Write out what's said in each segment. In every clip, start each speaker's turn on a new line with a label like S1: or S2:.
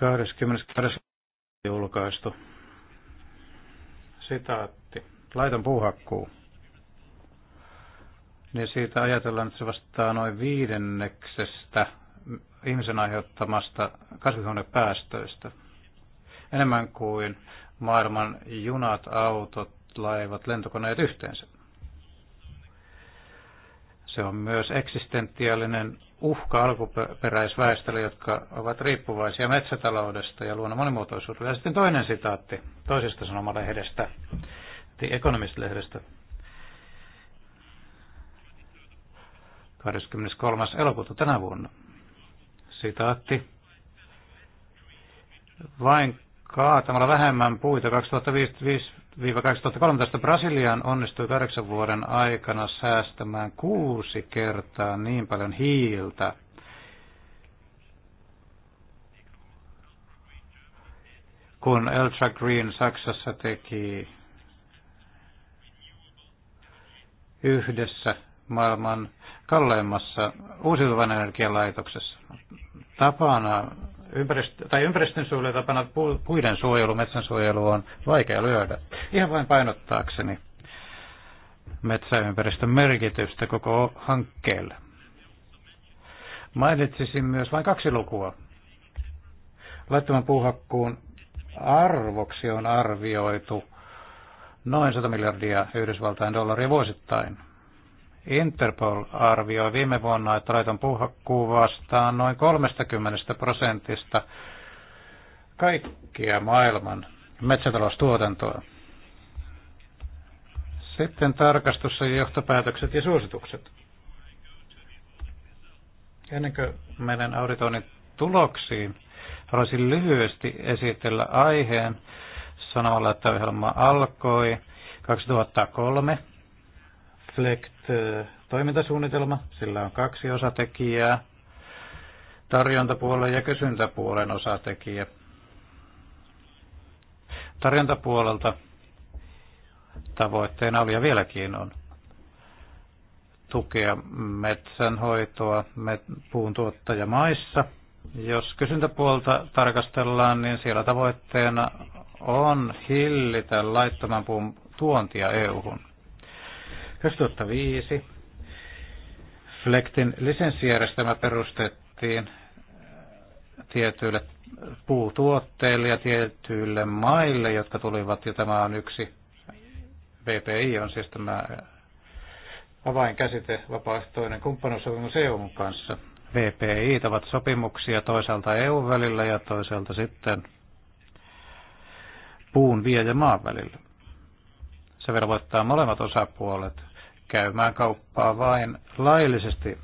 S1: 22. julkaistu. Sitaatti. laitan puuhakkuu. Niin siitä ajatellaan, että se vastaa noin viidenneksestä ihmisen aiheuttamasta kasvihuonepäästöistä. Enemmän kuin maailman junat, autot, laivat, lentokoneet yhteensä. Se on myös eksistentiaalinen uhka alkuperäisväestölle, jotka ovat riippuvaisia metsätaloudesta ja luonnon monimuotoisuudesta. Ja sitten toinen sitaatti toisesta sanomalehdestä, The Economist-lehdestä. 23. elokuuta tänä vuonna. Sitaatti. Vain kaatamalla vähemmän puita 2005 2013 Brasiliaan onnistui kahdeksan vuoden aikana säästämään kuusi kertaa niin paljon hiiltä kun Eltra Green Saksassa teki yhdessä maailman kalleimmassa uusiutuvan energialaitoksessa. Tapana ympäristö, tai ympäristönsuojelu tapana puiden suojelu, metsänsuojelu on vaikea lyödä. Ihan vain painottaakseni metsäympäristön merkitystä koko hankkeelle. Mainitsisin myös vain kaksi lukua. Laittoman puuhakkuun arvoksi on arvioitu noin 100 miljardia Yhdysvaltain dollaria vuosittain – Interpol arvioi viime vuonna, että laiton puhakkuu vastaan noin 30 prosentista kaikkia maailman metsätaloustuotantoa. Sitten tarkastus ja johtopäätökset ja suositukset. Ennen kuin menen auditoinnin tuloksiin, haluaisin lyhyesti esitellä aiheen sanomalla, että ohjelma alkoi 2003 Reflect-toimintasuunnitelma. Sillä on kaksi osatekijää, tarjontapuolen ja kysyntäpuolen osatekijä. Tarjontapuolelta tavoitteena oli ja vieläkin on tukea metsänhoitoa puuntuottajamaissa. Jos kysyntäpuolta tarkastellaan, niin siellä tavoitteena on hillitä laittoman puun tuontia EU-hun. 2005 Flektin lisenssijärjestelmä perustettiin äh, tietyille puutuotteille ja tietyille maille, jotka tulivat, ja tämä on yksi, VPI on siis tämä äh, avainkäsite, vapaaehtoinen kumppanuussopimus EUn kanssa. VPI ovat sopimuksia toisaalta EUn välillä ja toisaalta sitten puun vie ja maan välillä. Se velvoittaa molemmat osapuolet käymään kauppaa vain laillisesti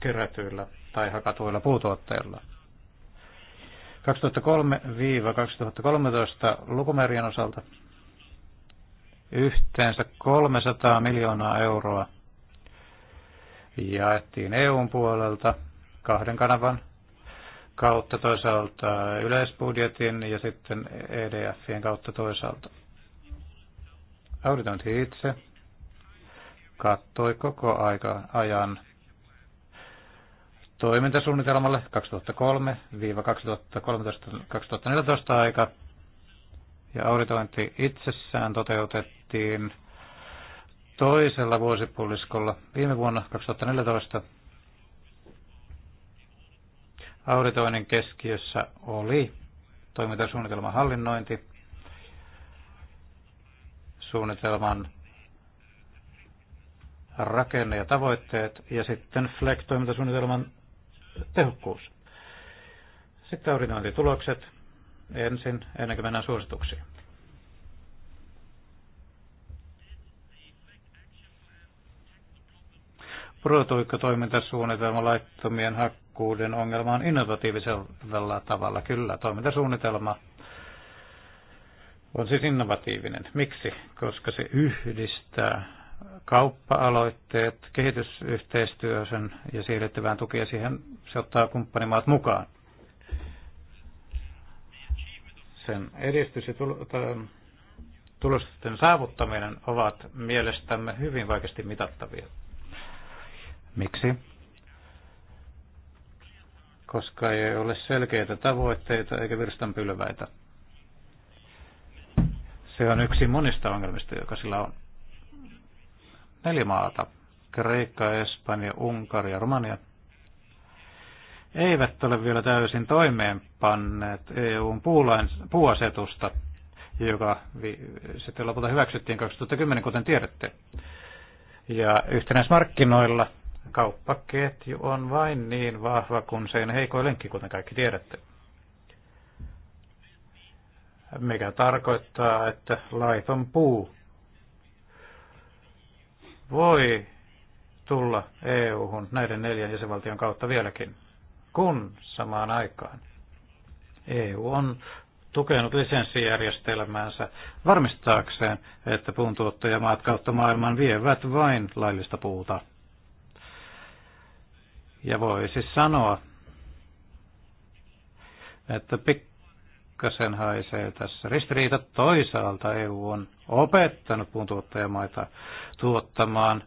S1: kerätyillä tai hakatuilla puutuotteilla. 2003-2013 lukumäärien osalta yhteensä 300 miljoonaa euroa jaettiin EUn puolelta kahden kanavan kautta toisaalta yleisbudjetin ja sitten EDFien kautta toisaalta. Auditointi itse kattoi koko aika, ajan toimintasuunnitelmalle 2003-2013-2014 aika. Ja auditointi itsessään toteutettiin toisella vuosipuoliskolla viime vuonna 2014. Auditoinnin keskiössä oli toimintasuunnitelman hallinnointi, suunnitelman rakenne ja tavoitteet ja sitten FLEG-toimintasuunnitelman tehokkuus. Sitten auditointitulokset ensin, ennen kuin mennään suosituksiin. Pudotuikko toimintasuunnitelma laittomien hakkuuden ongelmaan innovatiivisella tavalla? Kyllä, toimintasuunnitelma on siis innovatiivinen. Miksi? Koska se yhdistää kauppa-aloitteet kehitysyhteistyöhön ja siirrettävään tukea siihen se ottaa kumppanimaat mukaan. Sen edistys ja tulosten saavuttaminen ovat mielestämme hyvin vaikeasti mitattavia. Miksi? Koska ei ole selkeitä tavoitteita eikä virstanpylväitä. Se on yksi monista ongelmista, joka sillä on. Neljä maata, Kreikka, Espanja, Unkari ja Romania, eivät ole vielä täysin toimeenpanneet EUn puuasetusta, joka sitten lopulta hyväksyttiin 2010, kuten tiedätte. Ja yhtenäismarkkinoilla kauppaketju on vain niin vahva kuin sen heikoin lenkki, kuten kaikki tiedätte mikä tarkoittaa, että laiton puu voi tulla EU-hun näiden neljän jäsenvaltion kautta vieläkin, kun samaan aikaan EU on tukenut lisenssijärjestelmäänsä varmistaakseen, että puuntuottajamaat kautta maailman vievät vain laillista puuta. Ja voi siis sanoa, että pik- pikkasen haisee tässä ristiriita. Toisaalta EU on opettanut puuntuottajamaita tuottamaan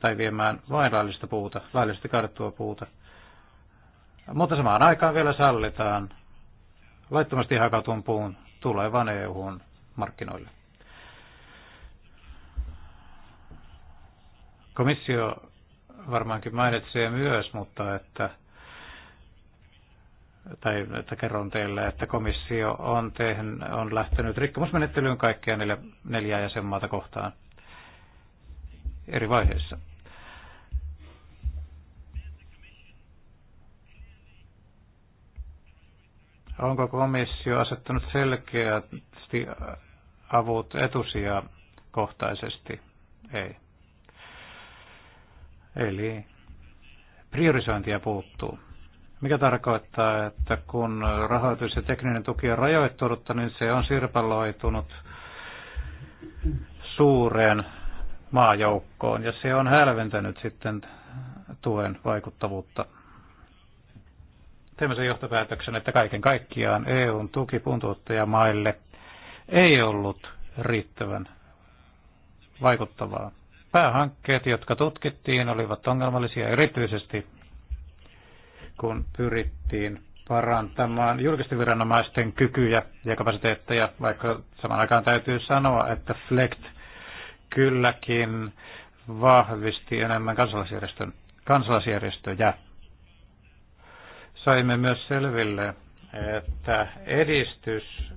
S1: tai viemään vain laillista puuta, laillisesti kaadettua puuta. Mutta samaan aikaan vielä sallitaan laittomasti hakatun puun tulevan EUn markkinoille. Komissio varmaankin mainitsee myös, mutta että tai että kerron teille, että komissio on, tehn, on lähtenyt rikkomusmenettelyyn kaikkia neljä, neljää jäsenmaata kohtaan eri vaiheissa. Onko komissio asettanut selkeästi avut etusia kohtaisesti? Ei. Eli priorisointia puuttuu mikä tarkoittaa, että kun rahoitus ja tekninen tuki on rajoittunut, niin se on sirpaloitunut suureen maajoukkoon ja se on hälventänyt sitten tuen vaikuttavuutta. Teemme sen johtopäätöksen, että kaiken kaikkiaan EUn tuki maille ei ollut riittävän vaikuttavaa. Päähankkeet, jotka tutkittiin, olivat ongelmallisia erityisesti kun pyrittiin parantamaan julkisten viranomaisten kykyjä ja kapasiteetteja, vaikka saman aikaan täytyy sanoa, että FLECT kylläkin vahvisti enemmän kansalaisjärjestön, kansalaisjärjestöjä. Saimme myös selville, että edistys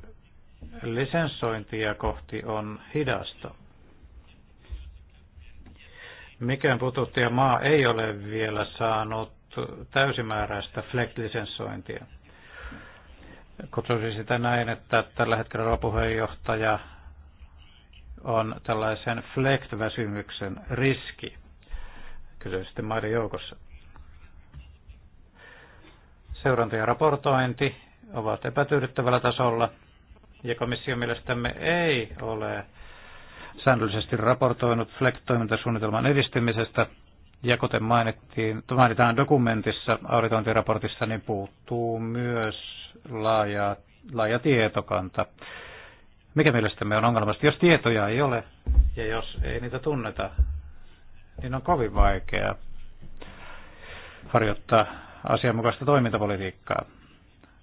S1: lisensointia kohti on hidasta. Mikään pututtaja maa ei ole vielä saanut täysimääräistä fleg lisenssointia Kutsuisin sitä näin, että tällä hetkellä puheenjohtaja on tällaisen FLECT-väsymyksen riski Kyseisesti maiden joukossa. Seuranta ja raportointi ovat epätyydyttävällä tasolla ja komission mielestämme ei ole säännöllisesti raportoinut FLECT-toimintasuunnitelman edistymisestä – ja kuten mainittiin, mainitaan dokumentissa, auditointiraportissa, niin puuttuu myös laaja, laaja tietokanta. Mikä mielestämme on ongelmasta? Jos tietoja ei ole ja jos ei niitä tunneta, niin on kovin vaikea harjoittaa asianmukaista toimintapolitiikkaa.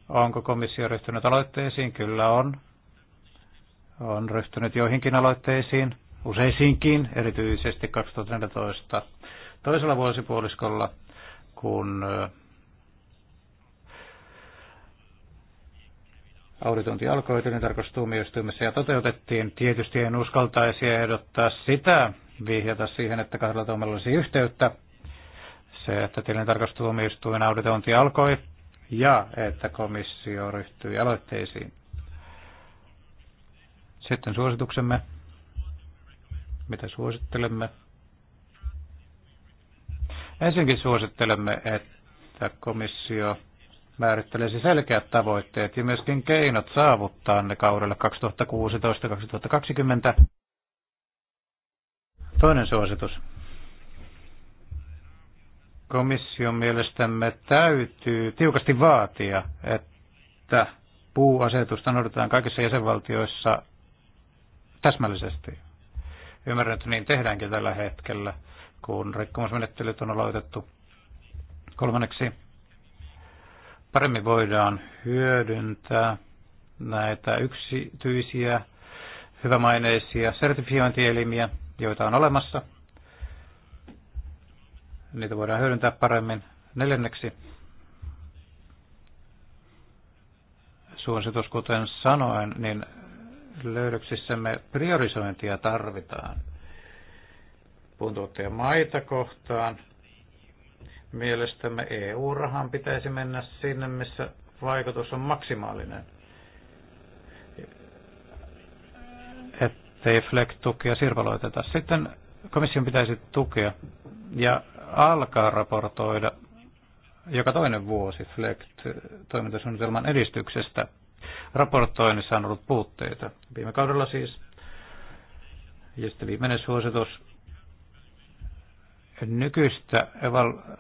S1: Onko komissio ryhtynyt aloitteisiin? Kyllä on. On ryhtynyt joihinkin aloitteisiin, useisiinkin, erityisesti 2014 toisella vuosipuoliskolla, kun auditointi alkoi tilintarkastustuomioistuimessa ja toteutettiin. Tietysti en uskaltaisi ehdottaa sitä, vihjata siihen, että kahdella tuomella olisi yhteyttä. Se, että tilintarkastustuomioistuin auditointi alkoi ja että komissio ryhtyi aloitteisiin. Sitten suosituksemme, mitä suosittelemme. Ensinnäkin suosittelemme, että komissio määrittelisi selkeät tavoitteet ja myöskin keinot saavuttaa ne kaudella 2016-2020. Toinen suositus. Komission mielestämme täytyy tiukasti vaatia, että puuasetusta noudatetaan kaikissa jäsenvaltioissa täsmällisesti. Ymmärrän, että niin tehdäänkin tällä hetkellä kun rikkomusmenettelyt on aloitettu. Kolmanneksi, paremmin voidaan hyödyntää näitä yksityisiä, hyvämaineisia sertifiointielimiä, joita on olemassa. Niitä voidaan hyödyntää paremmin. Neljänneksi, suositus, kuten sanoin, niin löydöksissämme priorisointia tarvitaan – maita kohtaan. Mielestämme EU-rahan pitäisi mennä sinne, missä vaikutus on maksimaalinen. Ettei FLEC-tukia sirvaloiteta. Sitten komission pitäisi tukea ja alkaa raportoida joka toinen vuosi FLECT-toimintasuunnitelman edistyksestä. Raportoinnissa on ollut puutteita. Viime kaudella siis. Ja sitten viimeinen suositus nykyistä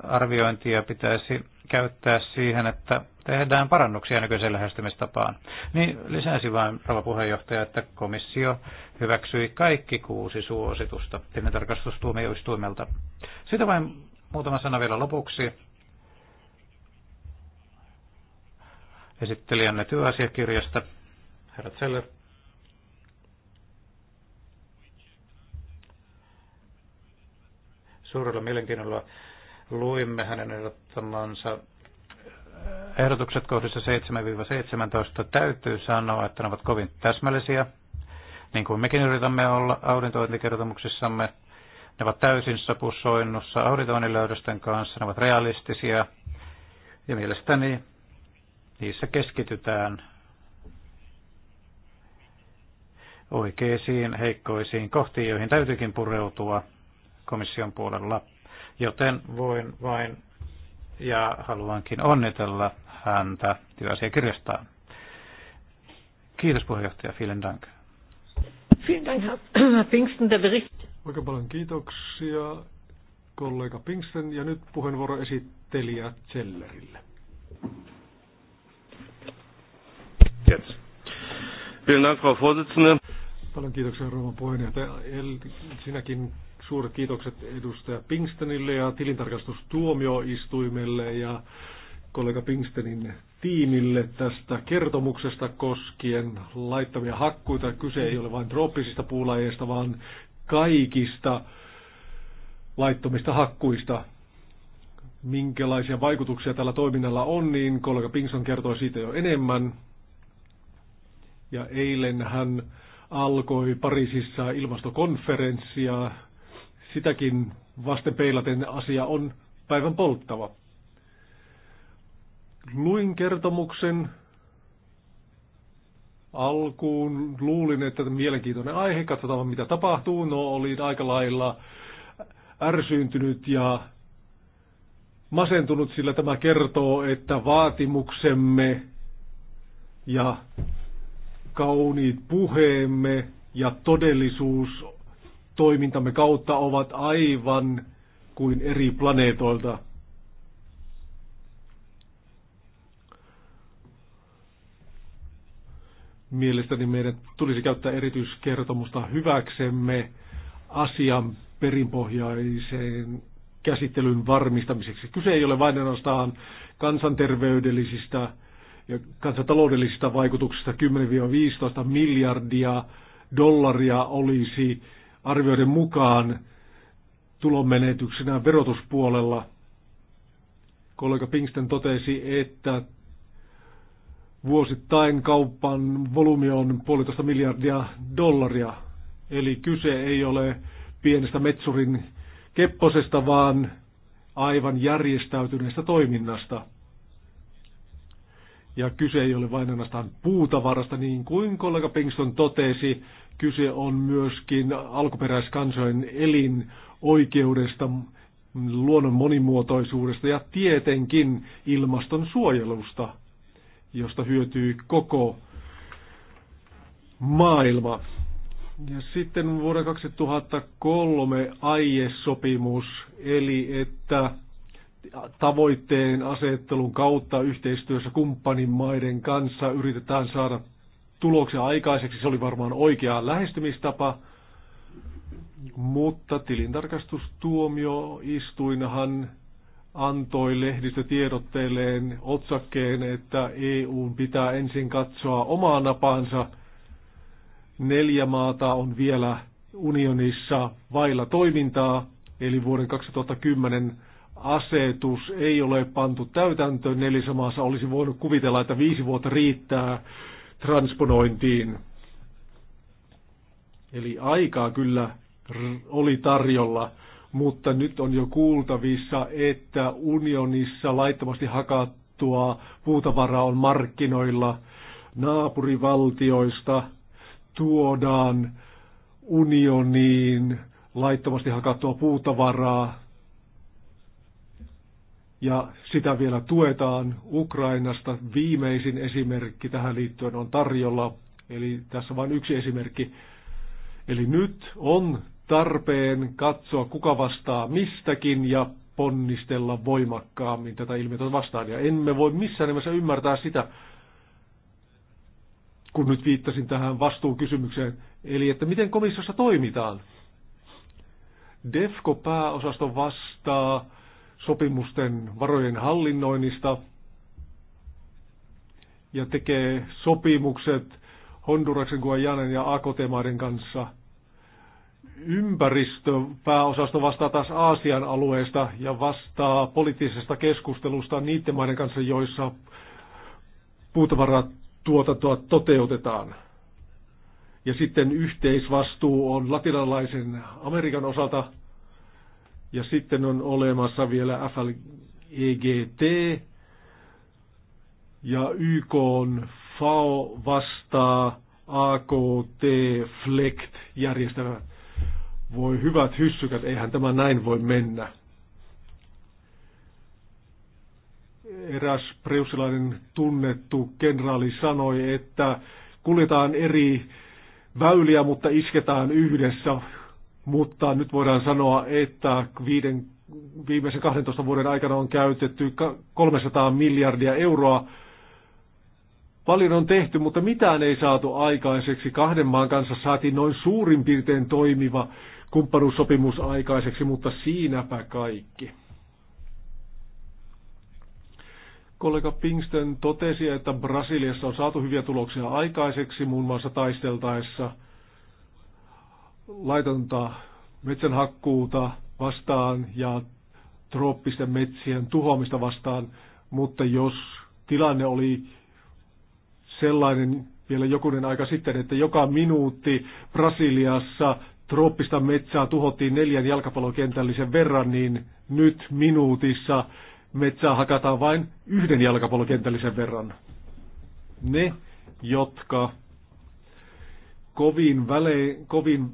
S1: arviointia pitäisi käyttää siihen, että tehdään parannuksia nykyiseen lähestymistapaan. Niin lisäsi vain, rouva puheenjohtaja, että komissio hyväksyi kaikki kuusi suositusta tilintarkastustuomioistuimelta. Sitä vain muutama sana vielä lopuksi. Esittelijänne työasiakirjasta, herra Zeller. Suurella mielenkiinnolla luimme hänen ehdottamansa äh, ehdotukset kohdissa 7-17. Täytyy sanoa, että ne ovat kovin täsmällisiä, niin kuin mekin yritämme olla auditointikertomuksissamme. Ne ovat täysin sapussoinnussa auditoinnin löydösten kanssa, ne ovat realistisia ja mielestäni niissä keskitytään oikeisiin heikkoisiin kohtiin, joihin täytyykin pureutua komission puolella. Joten voin vain ja haluankin onnitella häntä työasiakirjastaan. Kiitos puheenjohtaja, vielen dank.
S2: Vielen dank, Herr Pinksten, der Bericht. Oikein paljon kiitoksia kollega Pinksten ja nyt puheenvuoro esittelijä Zellerille. Kiitos. Vielen dank, Frau Vorsitzende. Paljon kiitoksia rouva puheenjohtaja. sinäkin Suuret kiitokset edustaja Pinkstenille ja tilintarkastustuomioistuimelle ja kollega Pingstenin tiimille tästä kertomuksesta koskien laittamia hakkuita. Kyse ei ole vain trooppisista puulajeista, vaan kaikista laittomista hakkuista. Minkälaisia vaikutuksia tällä toiminnalla on, niin kollega Pinkson kertoi siitä jo enemmän. Ja eilen hän alkoi Pariisissa ilmastokonferenssia sitäkin vasten peilaten asia on päivän polttava. Luin kertomuksen alkuun, luulin, että mielenkiintoinen aihe, katsotaan mitä tapahtuu. No, olin aika lailla ärsyyntynyt ja masentunut, sillä tämä kertoo, että vaatimuksemme ja kauniit puheemme ja todellisuus toimintamme kautta ovat aivan kuin eri planeetoilta. Mielestäni meidän tulisi käyttää erityiskertomusta hyväksemme asian perinpohjaiseen käsittelyn varmistamiseksi. Kyse ei ole vain ainoastaan kansanterveydellisistä ja kansantaloudellisista vaikutuksista 10-15 miljardia dollaria olisi arvioiden mukaan tulonmenetyksenä verotuspuolella. Kollega Pinksten totesi, että vuosittain kaupan volyymi on puolitoista miljardia dollaria. Eli kyse ei ole pienestä metsurin kepposesta, vaan aivan järjestäytyneestä toiminnasta – ja kyse ei ole vain ainoastaan puutavarasta, niin kuin kollega Pinkston totesi, kyse on myöskin alkuperäiskansojen elinoikeudesta, luonnon monimuotoisuudesta ja tietenkin ilmaston suojelusta, josta hyötyy koko maailma. Ja sitten vuoden 2003 aiesopimus, eli että tavoitteen asettelun kautta yhteistyössä kumppanimaiden kanssa yritetään saada tuloksia aikaiseksi. Se oli varmaan oikea lähestymistapa, mutta tilintarkastustuomioistuinhan antoi lehdistötiedotteelleen otsakkeen, että EU pitää ensin katsoa omaa napaansa. Neljä maata on vielä unionissa vailla toimintaa, eli vuoden 2010 asetus ei ole pantu täytäntöön, eli olisi voinut kuvitella, että viisi vuotta riittää transponointiin. Eli aikaa kyllä oli tarjolla, mutta nyt on jo kuultavissa, että unionissa laittomasti hakattua puutavaraa on markkinoilla naapurivaltioista tuodaan unioniin laittomasti hakattua puutavaraa ja sitä vielä tuetaan Ukrainasta. Viimeisin esimerkki tähän liittyen on tarjolla, eli tässä vain yksi esimerkki. Eli nyt on tarpeen katsoa, kuka vastaa mistäkin ja ponnistella voimakkaammin tätä ilmiötä vastaan. Ja emme voi missään nimessä ymmärtää sitä, kun nyt viittasin tähän vastuukysymykseen, eli että miten komissiossa toimitaan. DEFCO-pääosasto vastaa sopimusten varojen hallinnoinnista ja tekee sopimukset Honduraksen, Guajanen ja AKT-maiden kanssa. Ympäristöpääosasto vastaa taas Aasian alueesta ja vastaa poliittisesta keskustelusta niiden maiden kanssa, joissa puutavaratuotantoa toteutetaan. Ja sitten yhteisvastuu on latinalaisen Amerikan osalta ja sitten on olemassa vielä FLEGT ja YK on FAO vastaa AKT FLECT järjestelmä. Voi hyvät hyssykät, eihän tämä näin voi mennä. Eräs preussilainen tunnettu kenraali sanoi, että kuljetaan eri väyliä, mutta isketään yhdessä mutta nyt voidaan sanoa, että viiden, viimeisen 12 vuoden aikana on käytetty 300 miljardia euroa. Paljon on tehty, mutta mitään ei saatu aikaiseksi. Kahden maan kanssa saatiin noin suurin piirtein toimiva kumppanuussopimus aikaiseksi, mutta siinäpä kaikki. Kollega Pingston totesi, että Brasiliassa on saatu hyviä tuloksia aikaiseksi, muun muassa taisteltaessa – laitonta metsänhakkuuta vastaan ja trooppisten metsien tuhoamista vastaan, mutta jos tilanne oli sellainen vielä jokunen aika sitten, että joka minuutti Brasiliassa trooppista metsää tuhottiin neljän jalkapallokentällisen verran, niin nyt minuutissa metsää hakataan vain yhden jalkapallokentällisen verran. Ne, jotka kovin, välein, kovin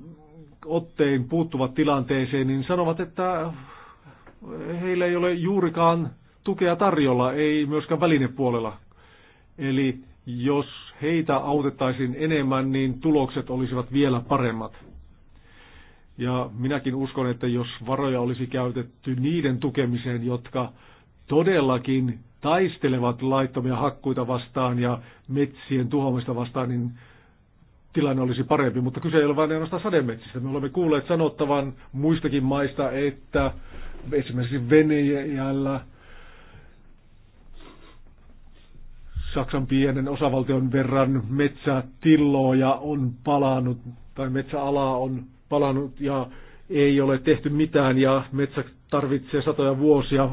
S2: ottein puuttuvat tilanteeseen, niin sanovat, että heillä ei ole juurikaan tukea tarjolla, ei myöskään välinepuolella. Eli jos heitä autettaisiin enemmän, niin tulokset olisivat vielä paremmat. Ja minäkin uskon, että jos varoja olisi käytetty niiden tukemiseen, jotka todellakin taistelevat laittomia hakkuita vastaan ja metsien tuhoamista vastaan, niin tilanne olisi parempi, mutta kyse ei ole vain ainoastaan sademetsistä. Me olemme kuulleet sanottavan muistakin maista, että esimerkiksi Venäjällä Saksan pienen osavaltion verran metsätiloja on palannut tai metsäala on palannut ja ei ole tehty mitään ja metsä tarvitsee satoja vuosia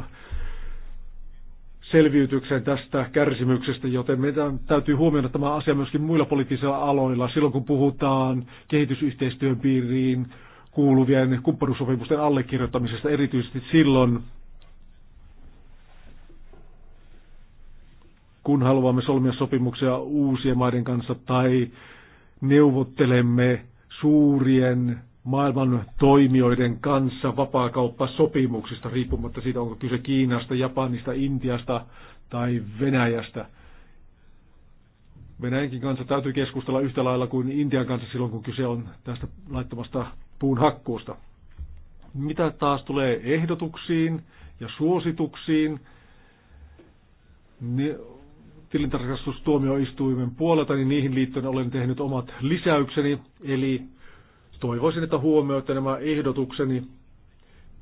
S2: selviytykseen tästä kärsimyksestä, joten meidän täytyy huomioida tämä asia myöskin muilla poliittisilla aloilla silloin, kun puhutaan kehitysyhteistyön piiriin kuuluvien kumppanuussopimusten allekirjoittamisesta, erityisesti silloin, kun haluamme solmia sopimuksia uusien maiden kanssa tai neuvottelemme suurien maailman toimijoiden kanssa vapaakauppasopimuksista, riippumatta siitä, onko kyse Kiinasta, Japanista, Intiasta tai Venäjästä. Venäjänkin kanssa täytyy keskustella yhtä lailla kuin Intian kanssa silloin, kun kyse on tästä laittomasta puun hakkuusta. Mitä taas tulee ehdotuksiin ja suosituksiin, ne niin tilintarkastustuomioistuimen puolelta, niin niihin liittyen olen tehnyt omat lisäykseni, eli Toivoisin, että huomioitte nämä ehdotukseni.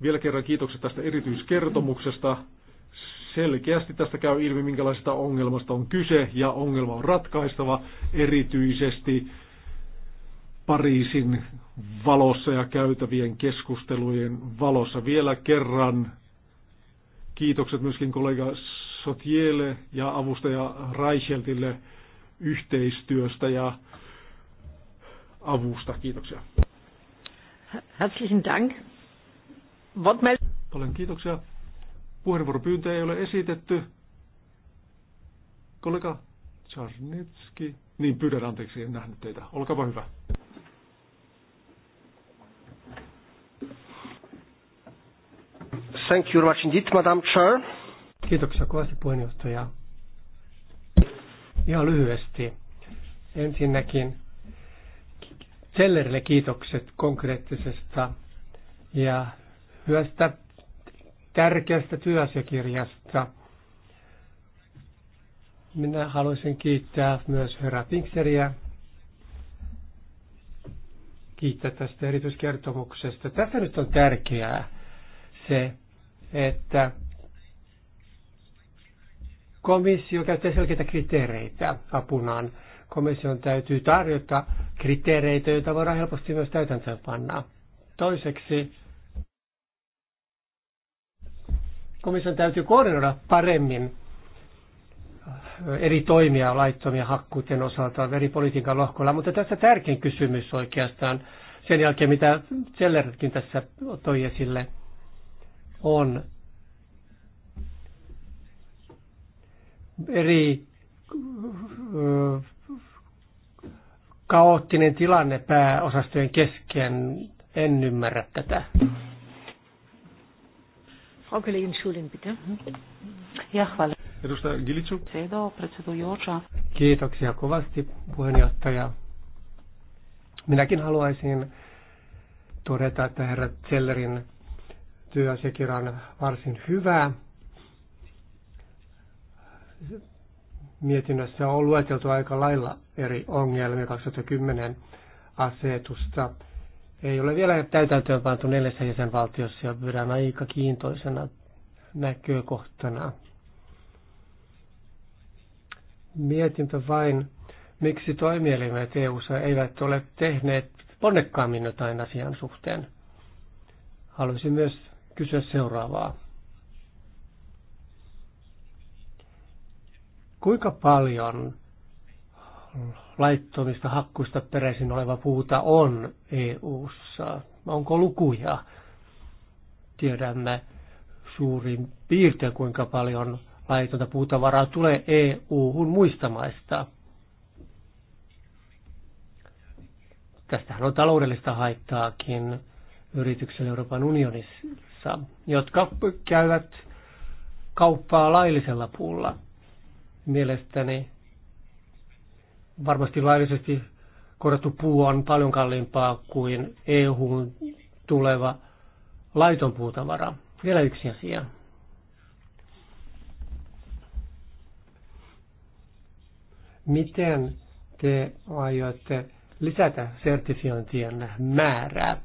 S2: Vielä kerran kiitokset tästä erityiskertomuksesta. Selkeästi tästä käy ilmi, minkälaisesta ongelmasta on kyse, ja ongelma on ratkaistava erityisesti Pariisin valossa ja käytävien keskustelujen valossa. Vielä kerran kiitokset myöskin kollega Sotielle ja avustaja Reicheltille yhteistyöstä ja avusta. Kiitoksia. Herzlichen Dank. Paljon kiitoksia. Puheenvuoropyyntöjä ei ole esitetty. Kollega Czarnetski. Niin, pyydän anteeksi, en nähnyt teitä. Olkaa hyvä. Thank you very much indeed, Madam Chair.
S3: Kiitoksia kovasti puheenjohtaja. Ihan lyhyesti. Ensinnäkin Sellerille kiitokset konkreettisesta ja hyvästä tärkeästä työasiakirjasta. Minä haluaisin kiittää myös herra Pinkseriä. Kiittää tästä erityiskertomuksesta. Tässä nyt on tärkeää se, että komissio käyttää selkeitä kriteereitä apunaan komission täytyy tarjota kriteereitä, joita voidaan helposti myös täytäntöön panna. Toiseksi komission täytyy koordinoida paremmin äh, eri toimia laittomia hakkuuten osalta veripolitiikan lohkolla, mutta tässä tärkein kysymys oikeastaan sen jälkeen, mitä Zellerkin tässä toi esille, on eri äh, kaoottinen tilanne pääosastojen kesken. En ymmärrä tätä. Ja,
S2: Edustaja Gilitsu.
S3: Kiitoksia kovasti, puheenjohtaja. Minäkin haluaisin todeta, että herra Zellerin työasiakirja on varsin hyvä mietinnössä on lueteltu aika lailla eri ongelmia 2010 asetusta. Ei ole vielä täytäntöön pantu neljässä jäsenvaltiossa ja pyydän aika kiintoisena näkökohtana. Mietinpä vain, miksi toimielimet eu eivät ole tehneet ponnekkaammin jotain asian suhteen. Haluaisin myös kysyä seuraavaa. Kuinka paljon laittomista hakkuista peräisin oleva puuta on EU:ssa? Onko lukuja? Tiedämme suurin piirtein, kuinka paljon laitonta puutavaraa tulee EU-hun muista maista. Tästähän on taloudellista haittaakin yrityksille Euroopan unionissa, jotka käyvät kauppaa laillisella puulla. Mielestäni varmasti laillisesti korjattu puu on paljon kalliimpaa kuin eu tuleva laiton puutavara. Vielä yksi asia. Miten te aiotte lisätä sertifiointien määrää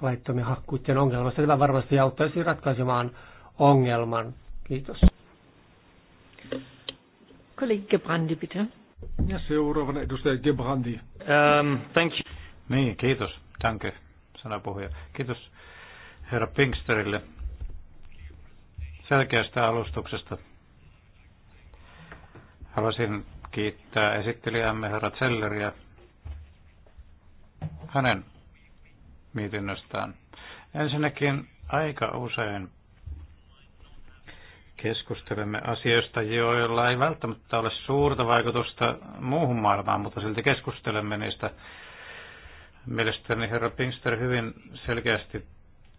S3: laittomien hakkuiden ongelmasta? Tämä varmasti auttaisi ratkaisemaan
S2: ongelman. Kiitos.
S3: Kollege Gebrandi, bitte.
S2: Ja seuraavana edustaja Gebrandi. Um, thank you. Niin, kiitos. Danke,
S1: sanapuhuja. Kiitos herra Pinksterille selkeästä alustuksesta. Haluaisin kiittää esittelijämme herra Zelleriä hänen mietinnöstään. Ensinnäkin aika usein keskustelemme asioista, joilla ei välttämättä ole suurta vaikutusta muuhun maailmaan, mutta silti keskustelemme niistä. Mielestäni herra Pinkster hyvin selkeästi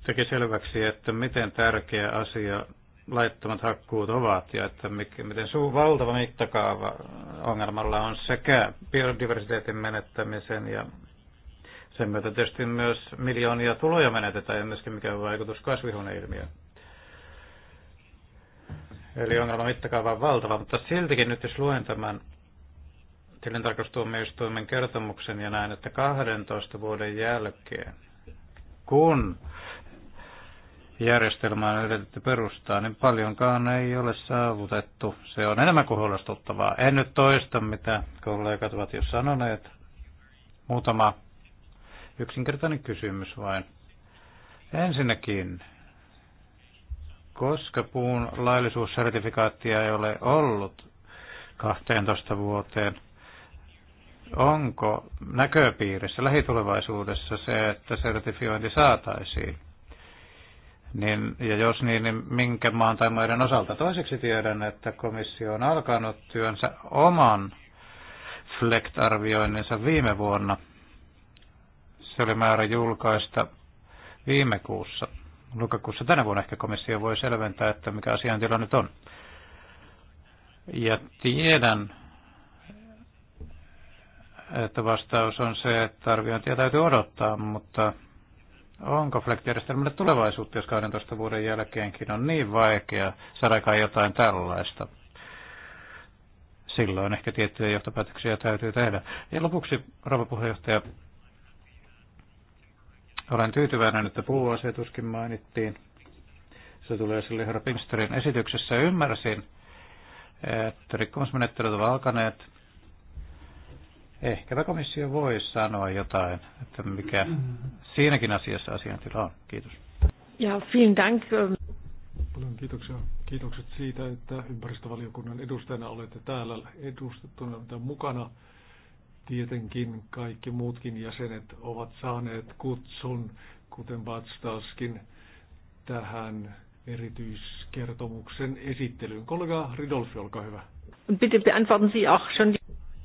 S1: teki selväksi, että miten tärkeä asia laittomat hakkuut ovat ja että miten suu valtava mittakaava ongelmalla on sekä biodiversiteetin menettämisen ja sen myötä tietysti myös miljoonia tuloja menetetään ja myöskin mikä on vaikutus kasvihuoneilmiöön. Eli ongelman mittakaava on valtava, mutta siltikin nyt jos luen tämän tilintarkastuomioistuimen kertomuksen ja näen, että 12 vuoden jälkeen, kun järjestelmä on yritetty perustaa, niin paljonkaan ei ole saavutettu. Se on enemmän kuin huolestuttavaa. En nyt toista, mitä kollegat ovat jo sanoneet. Muutama yksinkertainen kysymys vain. Ensinnäkin, koska puun laillisuussertifikaattia ei ole ollut 12 vuoteen, onko näköpiirissä lähitulevaisuudessa se, että sertifiointi saataisiin? Niin, ja jos niin, niin minkä maan tai maiden osalta? Toiseksi tiedän, että komissio on alkanut työnsä oman FLECT-arvioinninsa viime vuonna. Se oli määrä julkaista viime kuussa lokakuussa tänä vuonna ehkä komissio voi selventää, että mikä asiantila nyt on. Ja tiedän, että vastaus on se, että arviointia täytyy odottaa, mutta onko Flekt-järjestelmälle tulevaisuutta, jos 12 vuoden jälkeenkin on niin vaikea saada kai jotain tällaista? Silloin ehkä tiettyjä johtopäätöksiä täytyy tehdä. Ja lopuksi, rouva puheenjohtaja, olen tyytyväinen, että puuasetuskin mainittiin. Se tulee sille herra Pimsterin esityksessä. Ymmärsin, että rikkomusmenettelyt ovat alkaneet. Ehkäpä komissio voi sanoa jotain, että mikä siinäkin asiassa asiantila on. Kiitos.
S2: Ja, vielen dank. Paljon kiitoksia. Kiitokset siitä, että ympäristövaliokunnan edustajana olette täällä edustettuna mukana. Tietenkin kaikki muutkin jäsenet ovat saaneet kutsun, kuten Batstaskin, tähän erityiskertomuksen esittelyyn. Kollega Ridolfi, olkaa hyvä.
S3: Bitte beantworten Sie auch schon.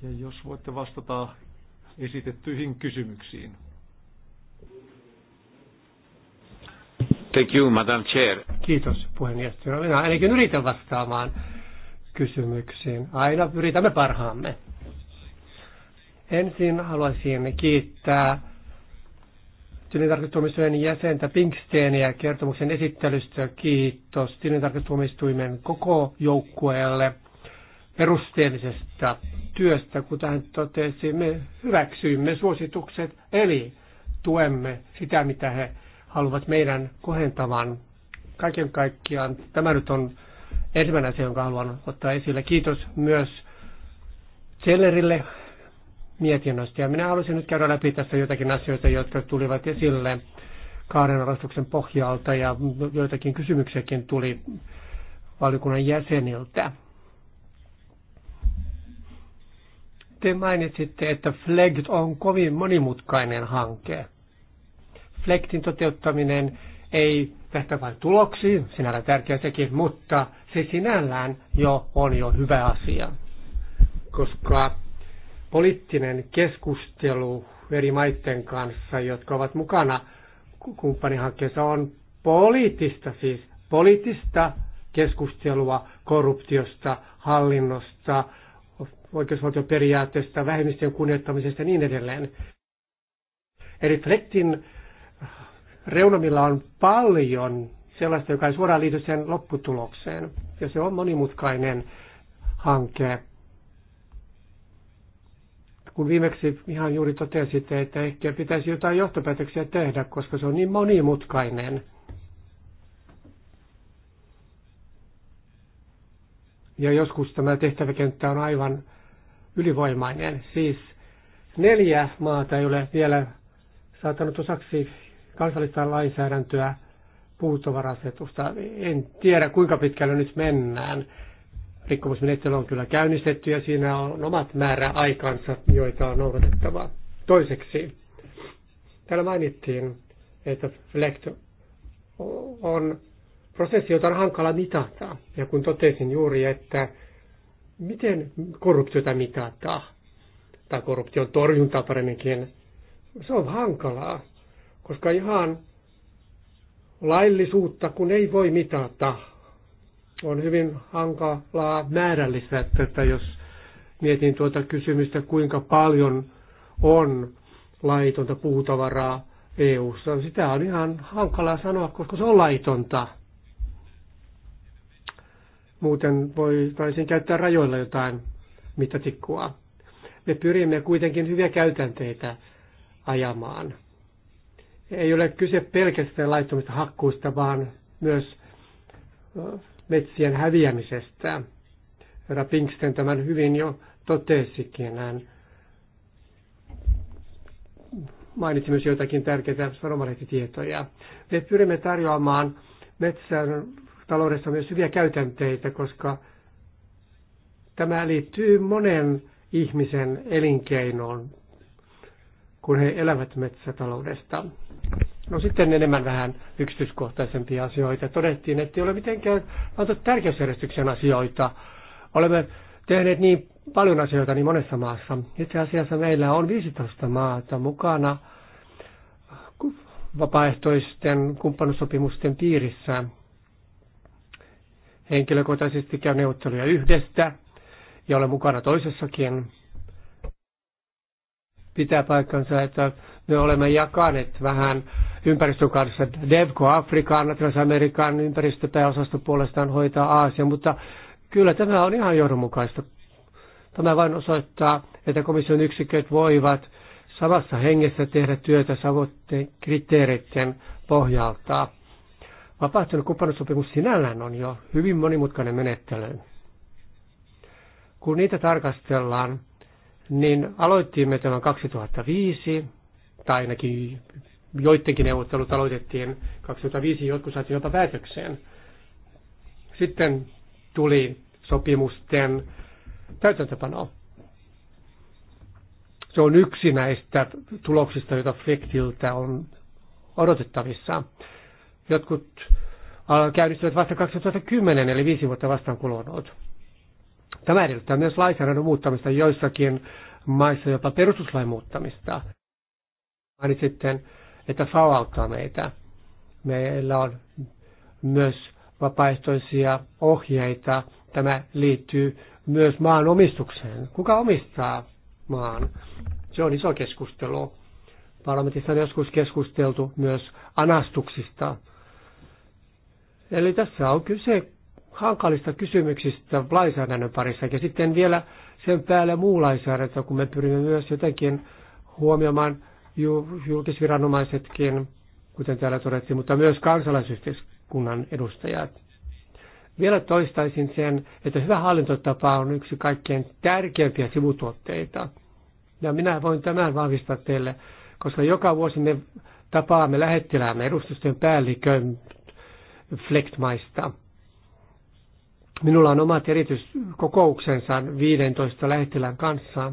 S2: Ja jos voitte vastata esitettyihin kysymyksiin.
S1: Thank you, Madam Chair.
S3: Kiitos puheenjohtaja. Minä ainakin yritän vastaamaan kysymyksiin. Aina yritämme parhaamme. Ensin haluaisin kiittää tilintarkastustuomioistuimen jäsentä Pinksteeniä kertomuksen esittelystä. Kiitos tilintarkastustuomioistuimen koko joukkueelle perusteellisesta työstä, kuten hän totesi, me hyväksyimme suositukset, eli tuemme sitä, mitä he haluavat meidän kohentavan. Kaiken kaikkiaan tämä nyt on ensimmäinen asia, jonka haluan ottaa esille. Kiitos myös Zellerille mietinnöstä. Ja minä halusin nyt käydä läpi tässä jotakin asioita, jotka tulivat esille kaaren arvostuksen pohjalta ja joitakin kysymyksiäkin tuli valiokunnan jäseniltä. Te mainitsitte, että FLEGT on kovin monimutkainen hanke. FLEGTin toteuttaminen ei tästä vain tuloksiin, sinällään tärkeä sekin, mutta se sinällään jo on jo hyvä asia, koska poliittinen keskustelu eri maiden kanssa, jotka ovat mukana kumppanihankkeessa, on poliittista siis, poliittista keskustelua korruptiosta, hallinnosta, oikeusvaltioperiaatteesta, vähemmistöjen kunnioittamisesta ja niin edelleen. Eli Flektin reunamilla on paljon sellaista, joka ei suoraan liity sen lopputulokseen. Ja se on monimutkainen hanke kun viimeksi ihan juuri totesitte, että ehkä pitäisi jotain johtopäätöksiä tehdä, koska se on niin monimutkainen. Ja joskus tämä tehtäväkenttä on aivan ylivoimainen. Siis neljä maata ei ole vielä saatanut osaksi kansallista lainsäädäntöä puutovarasetusta. En tiedä, kuinka pitkälle nyt mennään. Rikkomusmenettely on kyllä käynnistetty ja siinä on omat määräaikansa, joita on noudatettava. Toiseksi, täällä mainittiin, että FLECT on prosessi, jota on hankala mitata. Ja kun totesin juuri, että miten korruptiota mitata, tai korruption torjunta paremminkin, se on hankalaa, koska ihan laillisuutta kun ei voi mitata on hyvin hankalaa määrällistä tätä, jos mietin tuota kysymystä, kuinka paljon on laitonta puutavaraa EU-ssa. Sitä on ihan hankalaa sanoa, koska se on laitonta. Muuten voitaisiin käyttää rajoilla jotain mittatikkua. Me pyrimme kuitenkin hyviä käytänteitä ajamaan. Ei ole kyse pelkästään laittomista hakkuista, vaan myös metsien häviämisestä. Herra Pinksten tämän hyvin jo totesikin. Hän mainitsi myös joitakin tärkeitä sanomalehtitietoja. Me pyrimme tarjoamaan metsän taloudessa myös hyviä käytänteitä, koska tämä liittyy monen ihmisen elinkeinoon, kun he elävät metsätaloudesta. No sitten enemmän vähän yksityiskohtaisempia asioita. Todettiin, että ei ole mitenkään pantu tärkeysjärjestyksen asioita. Olemme tehneet niin paljon asioita niin monessa maassa. Itse asiassa meillä on 15 maata mukana vapaaehtoisten kumppanusopimusten piirissä. Henkilökohtaisesti käy neuvotteluja yhdestä ja olen mukana toisessakin. Pitää paikkansa, että me olemme jakaneet vähän ympäristön kanssa DevCo Afrikaan, Latinalais-Amerikan ympäristöpääosasto puolestaan hoitaa Aasia, mutta kyllä tämä on ihan johdonmukaista. Tämä vain osoittaa, että komission yksiköt voivat samassa hengessä tehdä työtä savoitteen kriteereiden pohjalta. Vapaaehtoinen kumppanuussopimus sinällään on jo hyvin monimutkainen menettely. Kun niitä tarkastellaan, niin aloittiimme tämän 2005 tai ainakin joidenkin neuvottelut aloitettiin 2005, jotkut saatiin jopa päätökseen. Sitten tuli sopimusten täytäntöpano. Se on yksi näistä tuloksista, joita Flektiltä on odotettavissa. Jotkut käynnistyvät vasta 2010, eli viisi vuotta vastaan kulunut. Tämä edellyttää myös lainsäädännön muuttamista joissakin maissa jopa perustuslain muuttamista sitten että FAO meitä. Meillä on myös vapaaehtoisia ohjeita. Tämä liittyy myös maan omistukseen. Kuka omistaa maan? Se on iso keskustelu. Parlamentissa on joskus keskusteltu myös anastuksista. Eli tässä on kyse hankalista kysymyksistä lainsäädännön parissa. Ja sitten vielä sen päälle muu lainsäädäntö, kun me pyrimme myös jotenkin huomioimaan julkisviranomaisetkin, kuten täällä todettiin, mutta myös kansalaisyhteiskunnan edustajat. Vielä toistaisin sen, että hyvä hallintotapa on yksi kaikkein tärkeimpiä sivutuotteita. Ja minä voin tämän vahvistaa teille, koska joka vuosi me tapaamme lähettiläämme edustustojen päällikön Flektmaista. Minulla on omat erityiskokouksensa 15 lähettilään kanssa.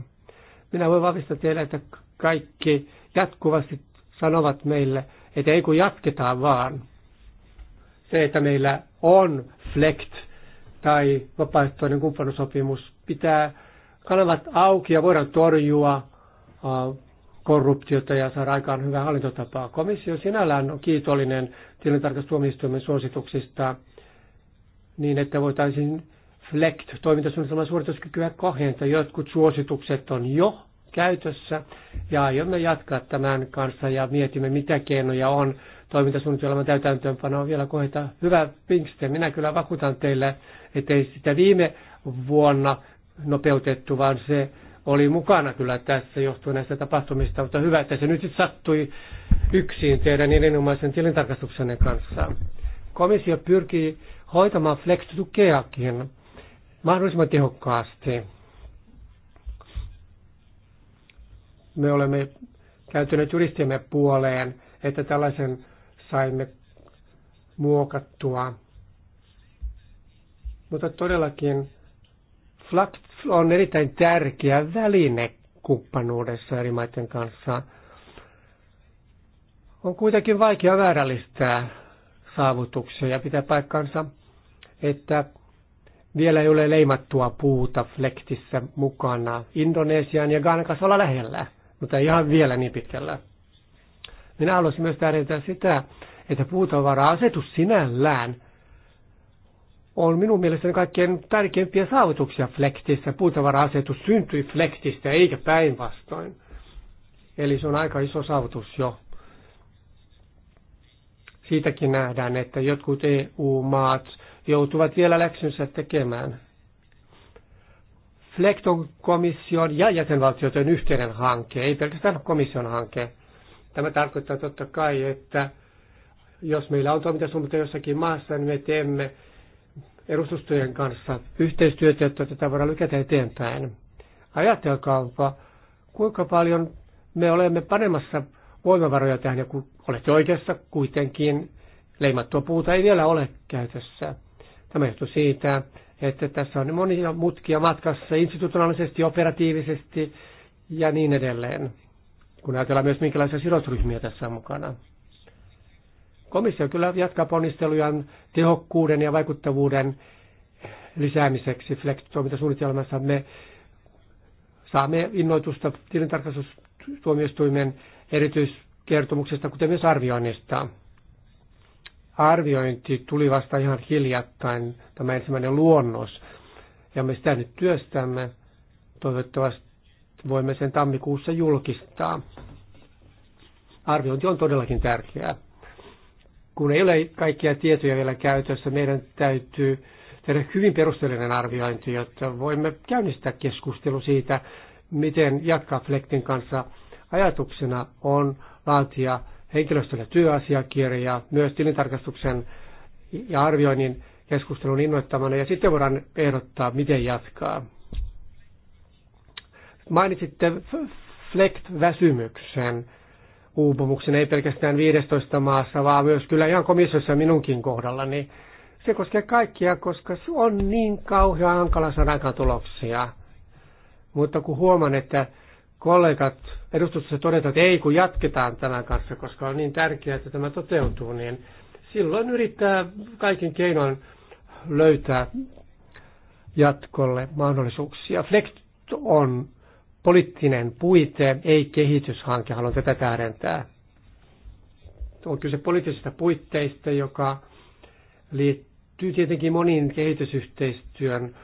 S3: Minä voin vahvistaa teille, että kaikki jatkuvasti sanovat meille, että ei kun jatketaan vaan. Se, että meillä on FLECT tai vapaaehtoinen kumppanusopimus, pitää kanavat auki ja voidaan torjua korruptiota ja saada aikaan hyvää hallintotapaa. Komissio sinällään on kiitollinen tilintarkastustuomioistuimen suosituksista niin, että voitaisiin FLECT toimintasuunnitelman suorituskykyä kohentaa. Jotkut suositukset on jo käytössä ja aiomme jatkaa tämän kanssa ja mietimme, mitä keinoja on toimintasuunnitelman täytäntöönpanoa vielä kohta. Hyvä Pinksten, minä kyllä vakuutan teille, ei sitä viime vuonna nopeutettu, vaan se oli mukana kyllä tässä johtuen näistä tapahtumista, mutta hyvä, että se nyt sitten sattui yksin teidän erinomaisen tilintarkastuksenne kanssa. Komissio pyrkii hoitamaan flex-tukeakin mahdollisimman tehokkaasti me olemme kääntyneet juristiemme puoleen, että tällaisen saimme muokattua. Mutta todellakin FLAT on erittäin tärkeä väline kumppanuudessa eri maiden kanssa. On kuitenkin vaikea väärällistää saavutuksia ja pitää paikkansa, että vielä ei ole leimattua puuta flektissä mukana. Indonesian ja Ghanan kanssa olla lähellä mutta ei ihan vielä niin pitkällä. Minä haluaisin myös tähdentää sitä, että puutavara-asetus sinällään on minun mielestäni kaikkein tärkeimpiä saavutuksia Flektissä. Puutavara-asetus syntyi Flektistä eikä päinvastoin. Eli se on aika iso saavutus jo. Siitäkin nähdään, että jotkut EU-maat joutuvat vielä läksynsä tekemään Flekton on komission ja jäsenvaltioiden yhteinen hanke, ei pelkästään komission hanke. Tämä tarkoittaa totta kai, että jos meillä on toimintasuunnitelma jossakin maassa, niin me teemme edustustojen kanssa yhteistyötä, jotta tätä voidaan lykätä eteenpäin. Ajatelkaapa, kuinka paljon me olemme panemassa voimavaroja tähän, ja kun olette oikeassa kuitenkin, leimattua puuta ei vielä ole käytössä. Tämä johtuu siitä, että tässä on monia mutkia matkassa institutionaalisesti, operatiivisesti ja niin edelleen, kun ajatellaan myös minkälaisia sidosryhmiä tässä on mukana. Komissio kyllä jatkaa ponnistelujaan tehokkuuden ja vaikuttavuuden lisäämiseksi FLEX-toimintasuunnitelmassa. Me saamme innoitusta tilintarkastustuomioistuimen erityiskertomuksesta, kuten myös arvioinnista arviointi tuli vasta ihan hiljattain, tämä ensimmäinen luonnos. Ja me sitä nyt työstämme. Toivottavasti voimme sen tammikuussa julkistaa. Arviointi on todellakin tärkeää. Kun ei ole kaikkia tietoja vielä käytössä, meidän täytyy tehdä hyvin perusteellinen arviointi, jotta voimme käynnistää keskustelu siitä, miten jatkaa Flektin kanssa. Ajatuksena on laatia henkilöstölle työasiakirja, myös tilintarkastuksen ja arvioinnin keskustelun innoittamana, ja sitten voidaan ehdottaa, miten jatkaa. Mainitsitte FLECT-väsymyksen uupumuksen, ei pelkästään 15 maassa, vaan myös kyllä ihan komissiossa minunkin niin Se koskee kaikkia, koska se on niin kauhean hankala saada tuloksia. Mutta kun huomaan, että kollegat edustuksessa todeta, että ei kun jatketaan tämän kanssa, koska on niin tärkeää, että tämä toteutuu, niin silloin yrittää kaiken keinoin löytää jatkolle mahdollisuuksia. Flex on poliittinen puite, ei kehityshanke, haluan tätä tähdentää. On kyse poliittisista puitteista, joka liittyy tietenkin moniin kehitysyhteistyön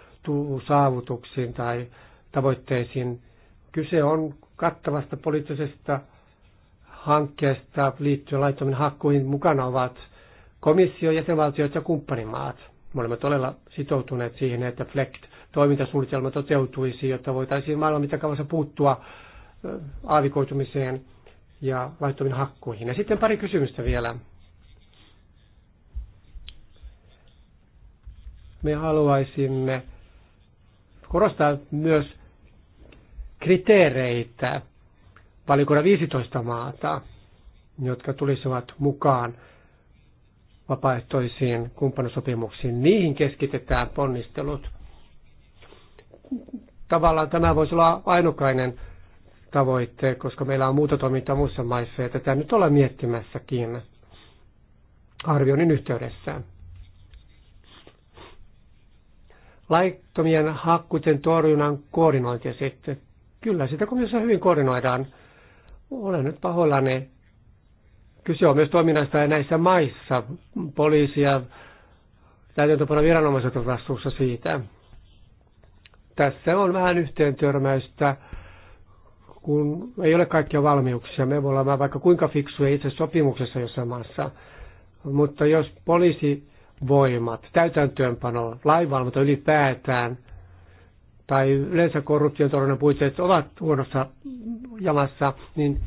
S3: saavutuksiin tai tavoitteisiin Kyse on kattavasta poliittisesta hankkeesta liittyen laittomiin hakkuihin. Mukana ovat komissio, jäsenvaltiot ja kumppanimaat. Me olemme todella sitoutuneet siihen, että FLECT-toimintasuunnitelma toteutuisi, jotta voitaisiin maailman mittakaavassa puuttua aavikoitumiseen ja laittomiin hakkuihin. Ja sitten pari kysymystä vielä. Me haluaisimme korostaa myös kriteereitä, valikoida 15 maata, jotka tulisivat mukaan vapaaehtoisiin kumppanusopimuksiin, Niihin keskitetään ponnistelut. Tavallaan tämä voisi olla ainokainen tavoitte, koska meillä on muuta toimintaa muissa maissa ja tätä nyt ollaan miettimässäkin arvioinnin yhteydessä. Laittomien hakkuiden torjunnan koordinointi sitten Kyllä, sitä komissiossa hyvin koordinoidaan. Olen nyt pahoillani. Kyse on myös toiminnasta näissä maissa. Poliisi ja täytäntöpano viranomaiset ovat vastuussa siitä. Tässä on vähän yhteen törmäystä, kun ei ole kaikkia valmiuksia. Me voimme olla vaikka kuinka fiksuja itse sopimuksessa jossain maassa. Mutta jos poliisivoimat, täytäntöönpano, lainvalvonta ylipäätään – tai yleensä korruption torjunnan puitteet ovat huonossa jamassa, niin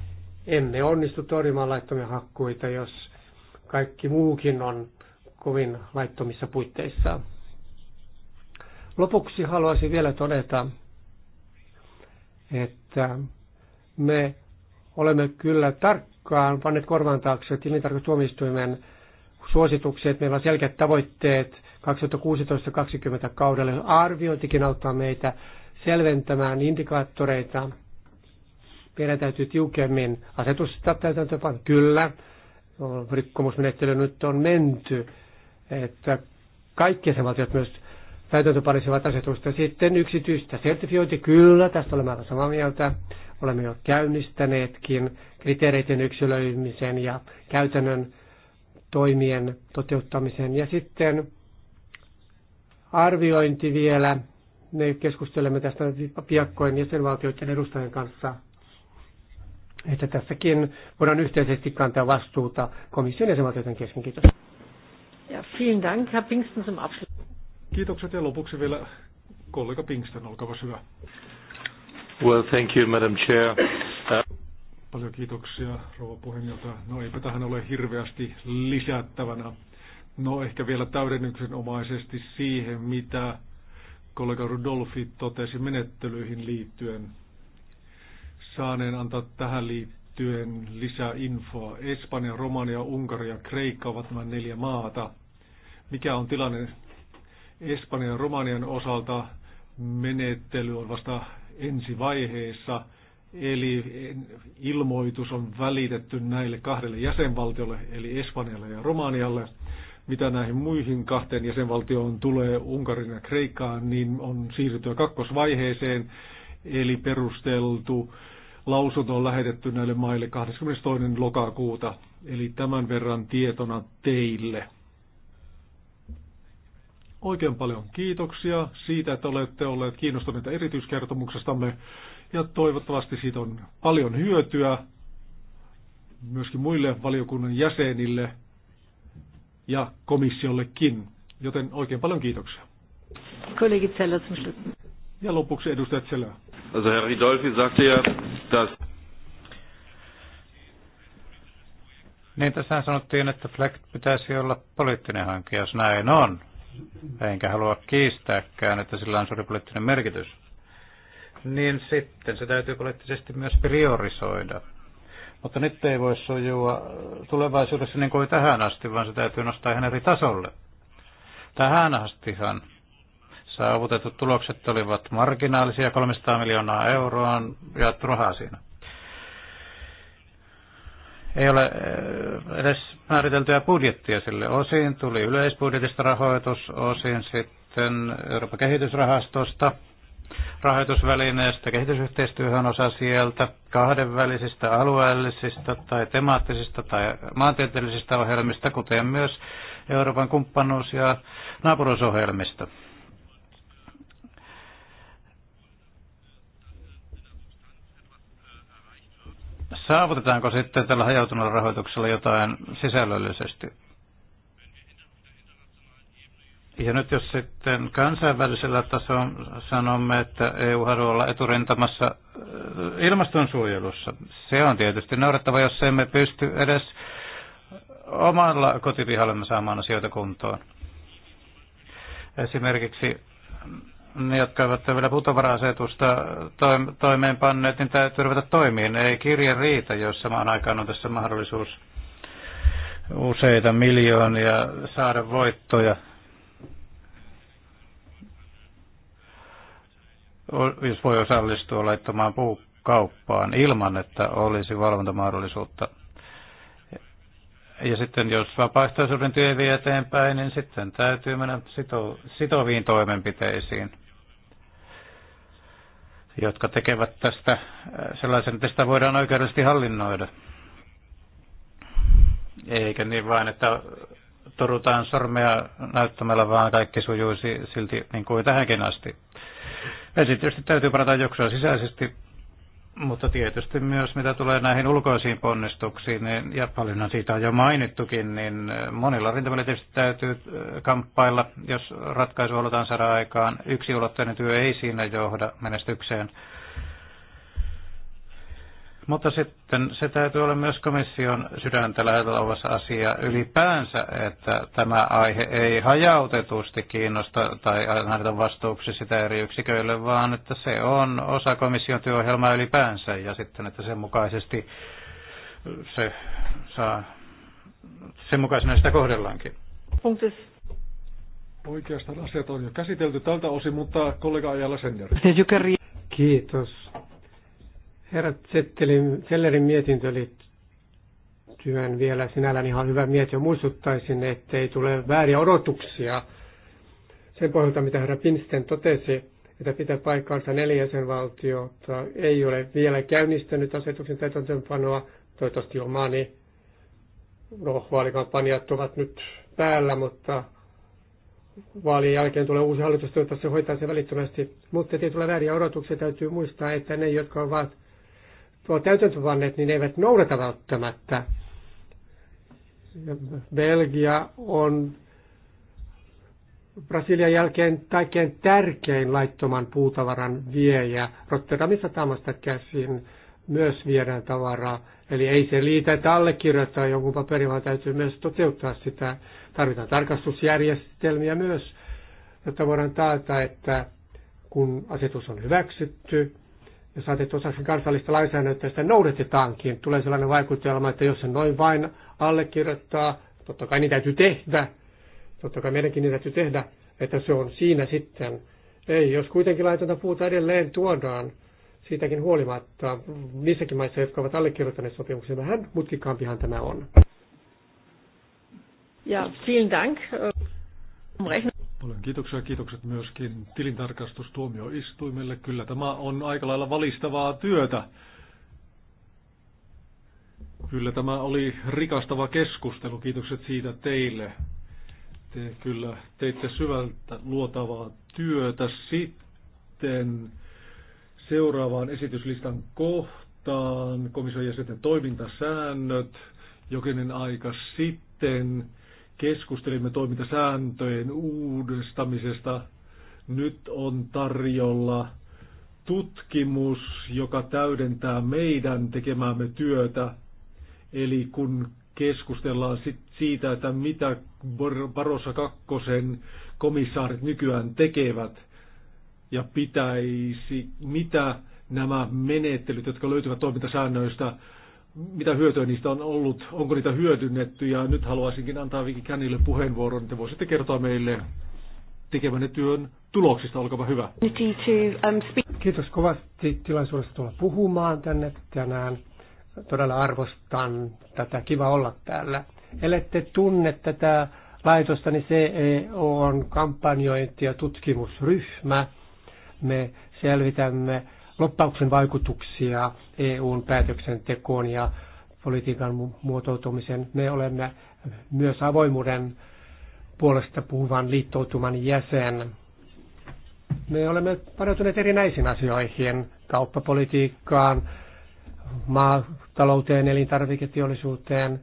S3: emme onnistu torjumaan laittomia hakkuita, jos kaikki muukin on kovin laittomissa puitteissa. Lopuksi haluaisin vielä todeta, että me olemme kyllä tarkkaan panneet korvan taakse tilintarkastustuomioistuimen suosituksia, meillä on selkeät tavoitteet 2016-2020 kaudelle. Arviointikin auttaa meitä selventämään indikaattoreita. Meidän täytyy tiukemmin asetusta täytäntöön. Kyllä, rikkomusmenettely nyt on menty, että kaikki jäsenvaltiot myös täytäntöpanisivat asetusta. Sitten yksityistä sertifiointi, kyllä, tästä olemme aivan samaa mieltä. Olemme jo käynnistäneetkin kriteereiden yksilöimisen ja käytännön toimien toteuttamisen. Ja sitten arviointi vielä. Me keskustelemme tästä piakkoin jäsenvaltioiden edustajien kanssa, että tässäkin voidaan yhteisesti kantaa vastuuta komission jäsenvaltioiden kesken. Kiitos. Ja, vielen Dank, Herr Pinksten, zum
S2: Kiitokset ja lopuksi vielä kollega Pinksten, olkaa hyvä. Well, thank you, Madam Chair. Uh... Paljon kiitoksia, rouva puheenjohtaja. No eipä tähän ole hirveästi lisättävänä. No ehkä vielä täydennyksenomaisesti siihen, mitä kollega Rudolfi totesi menettelyihin liittyen. Saaneen antaa tähän liittyen lisää infoa. Espanja, Romania, Unkari ja Kreikka ovat nämä neljä maata. Mikä on tilanne Espanjan ja Romanian osalta? Menettely on vasta ensi vaiheessa eli ilmoitus on välitetty näille kahdelle jäsenvaltiolle, eli Espanjalle ja Romanialle – mitä näihin muihin kahteen jäsenvaltioon tulee, Unkarin ja Kreikkaan, niin on siirryttyä kakkosvaiheeseen, eli perusteltu lausunto on lähetetty näille maille 22. lokakuuta. Eli tämän verran tietona teille. Oikein paljon kiitoksia siitä, että olette olleet kiinnostuneita erityiskertomuksestamme ja toivottavasti siitä on paljon hyötyä myöskin muille valiokunnan jäsenille ja komissiollekin. Joten oikein paljon kiitoksia. Kollegit Zeller zum Schluss. Ja lopuksi edustaja Zeller. Also Herr Ridolfi sagte ja, dass... Niin, tässä
S1: sanottiin, että Fleck pitäisi olla poliittinen hanke, jos näin on. Enkä halua kiistääkään, että sillä on suuri poliittinen merkitys. Niin sitten se täytyy poliittisesti myös priorisoida mutta nyt ei voi sujua äh, tulevaisuudessa niin kuin tähän asti, vaan se täytyy nostaa ihan eri tasolle. Tähän astihan saavutetut tulokset olivat marginaalisia, 300 miljoonaa euroa on jaettu rahaa siinä. Ei ole äh, edes määriteltyä budjettia sille. Osin tuli yleisbudjetista rahoitus, osin sitten Euroopan kehitysrahastosta – rahoitusvälineestä, kehitysyhteistyöhön osa sieltä, kahdenvälisistä, alueellisista tai temaattisista tai maantieteellisistä ohjelmista, kuten myös Euroopan kumppanuus- ja naapuruusohjelmista. Saavutetaanko sitten tällä hajautuneella rahoituksella jotain sisällöllisesti? Ja nyt jos sitten kansainvälisellä tasolla sanomme, että EU haluaa olla eturintamassa äh, ilmastonsuojelussa, se on tietysti noudattava, jos emme pysty edes omalla kotipihallemme saamaan asioita kuntoon. Esimerkiksi ne, jotka eivät vielä putovara-asetusta toimeenpanneet, niin täytyy ruveta toimiin. Ei kirje riitä, jos samaan aikaan on tässä mahdollisuus useita miljoonia saada voittoja jos voi osallistua laittamaan puukauppaan ilman, että olisi valvontamahdollisuutta. Ja sitten jos vapaaehtoisuuden työ vie eteenpäin, niin sitten täytyy mennä sito, sitoviin toimenpiteisiin, jotka tekevät tästä äh, sellaisen, että sitä voidaan oikeudellisesti hallinnoida. Eikä niin vain, että torutaan sormea näyttämällä, vaan kaikki sujuisi silti niin kuin tähänkin asti. Ensin tietysti täytyy parata joksua sisäisesti, mutta tietysti myös mitä tulee näihin ulkoisiin ponnistuksiin, niin, ja paljon siitä on jo mainittukin, niin eh, monilla rintamilla tietysti täytyy eh, kamppailla, jos ratkaisu halutaan saada aikaan. ulottainen työ ei siinä johda menestykseen. Mutta sitten se täytyy olla myös komission sydäntä lähellä olevassa asia ylipäänsä, että tämä aihe ei hajautetusti kiinnosta tai anneta vastuuksi sitä eri yksiköille, vaan että se on osa komission työohjelmaa ylipäänsä ja sitten, että sen mukaisesti se saa, sen mukaisena sitä kohdellaankin.
S2: Punktis. Oikeastaan asiat on jo käsitelty tältä osin, mutta kollega Ajala Senjär.
S1: Kiitos
S3: Herra Zettelin, Sellerin mietintö työn vielä sinällään ihan hyvä mietintö. Muistuttaisin, ettei tule vääriä odotuksia sen pohjalta, mitä herra Pinsten totesi, että pitää paikkaansa neljäsenvaltiota, ei ole vielä käynnistänyt asetuksen täytäntöönpanoa. Toivottavasti omani no, vaalikampanjat ovat nyt päällä, mutta vaalien jälkeen tulee uusi hallitus, toivottavasti se hoitaa se välittömästi. Mutta ei tule vääriä odotuksia, täytyy muistaa, että ne, jotka ovat Tuo täytäntöpanneet, niin ne eivät noudata välttämättä. Belgia on Brasilian jälkeen kaikkein tärkein laittoman puutavaran viejä. Rotterdamissa tamasta käsin myös viedään tavaraa. Eli ei se liitä, että allekirjoittaa jonkun paperin, vaan täytyy myös toteuttaa sitä. Tarvitaan tarkastusjärjestelmiä myös, jotta voidaan taata, että kun asetus on hyväksytty, jos ajatellaan osaksi kansallista lainsäädäntöä, sitä noudatetaankin. Tulee sellainen vaikutelma, että jos se noin vain allekirjoittaa, totta kai niitä täytyy tehdä, totta kai meidänkin niitä täytyy tehdä, että se on siinä sitten. Ei, jos kuitenkin laitonta puuta edelleen tuodaan, siitäkin huolimatta, niissäkin maissa, jotka ovat allekirjoittaneet sopimuksen, vähän mutkikkaampihan tämä on.
S2: Ja, vielen Dank. Paljon kiitoksia. Kiitokset myöskin tilintarkastustuomioistuimelle. Kyllä tämä on aika lailla valistavaa työtä. Kyllä tämä oli rikastava keskustelu. Kiitokset siitä teille. Te kyllä teitte syvältä luotavaa työtä. Sitten seuraavaan esityslistan kohtaan komission jäsenten toimintasäännöt. Jokinen aika sitten keskustelimme toimintasääntöjen uudistamisesta. Nyt on tarjolla tutkimus, joka täydentää meidän tekemäämme työtä. Eli kun keskustellaan sit siitä, että mitä Barossa kakkosen komissaarit nykyään tekevät ja pitäisi, mitä nämä menettelyt, jotka löytyvät toimintasäännöistä, mitä hyötyä niistä on ollut, onko niitä hyödynnetty ja nyt haluaisinkin antaa Viki Känille puheenvuoron, että voisitte kertoa meille tekemänne työn tuloksista, olkaa hyvä.
S3: Um, Kiitos kovasti tilaisuudesta tulla puhumaan tänne tänään. Todella arvostan tätä, kiva olla täällä. Ellette tunne tätä laitosta, niin CEO on kampanjointi- ja tutkimusryhmä. Me selvitämme loppauksen vaikutuksia EUn päätöksentekoon ja politiikan muotoutumisen. Me olemme myös avoimuuden puolesta puhuvan liittoutuman jäsen. Me olemme paneutuneet erinäisiin asioihin, kauppapolitiikkaan, maatalouteen, elintarviketeollisuuteen,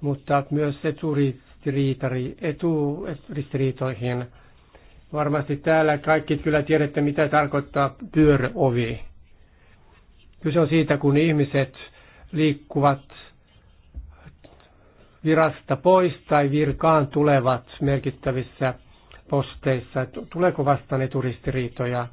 S3: mutta myös eturistiriitoihin. Varmasti täällä kaikki kyllä tiedätte, mitä tarkoittaa pyöröovi. Kyse on siitä, kun ihmiset liikkuvat virasta pois tai virkaan tulevat merkittävissä posteissa. Tuleeko vastaan turistiriitoja?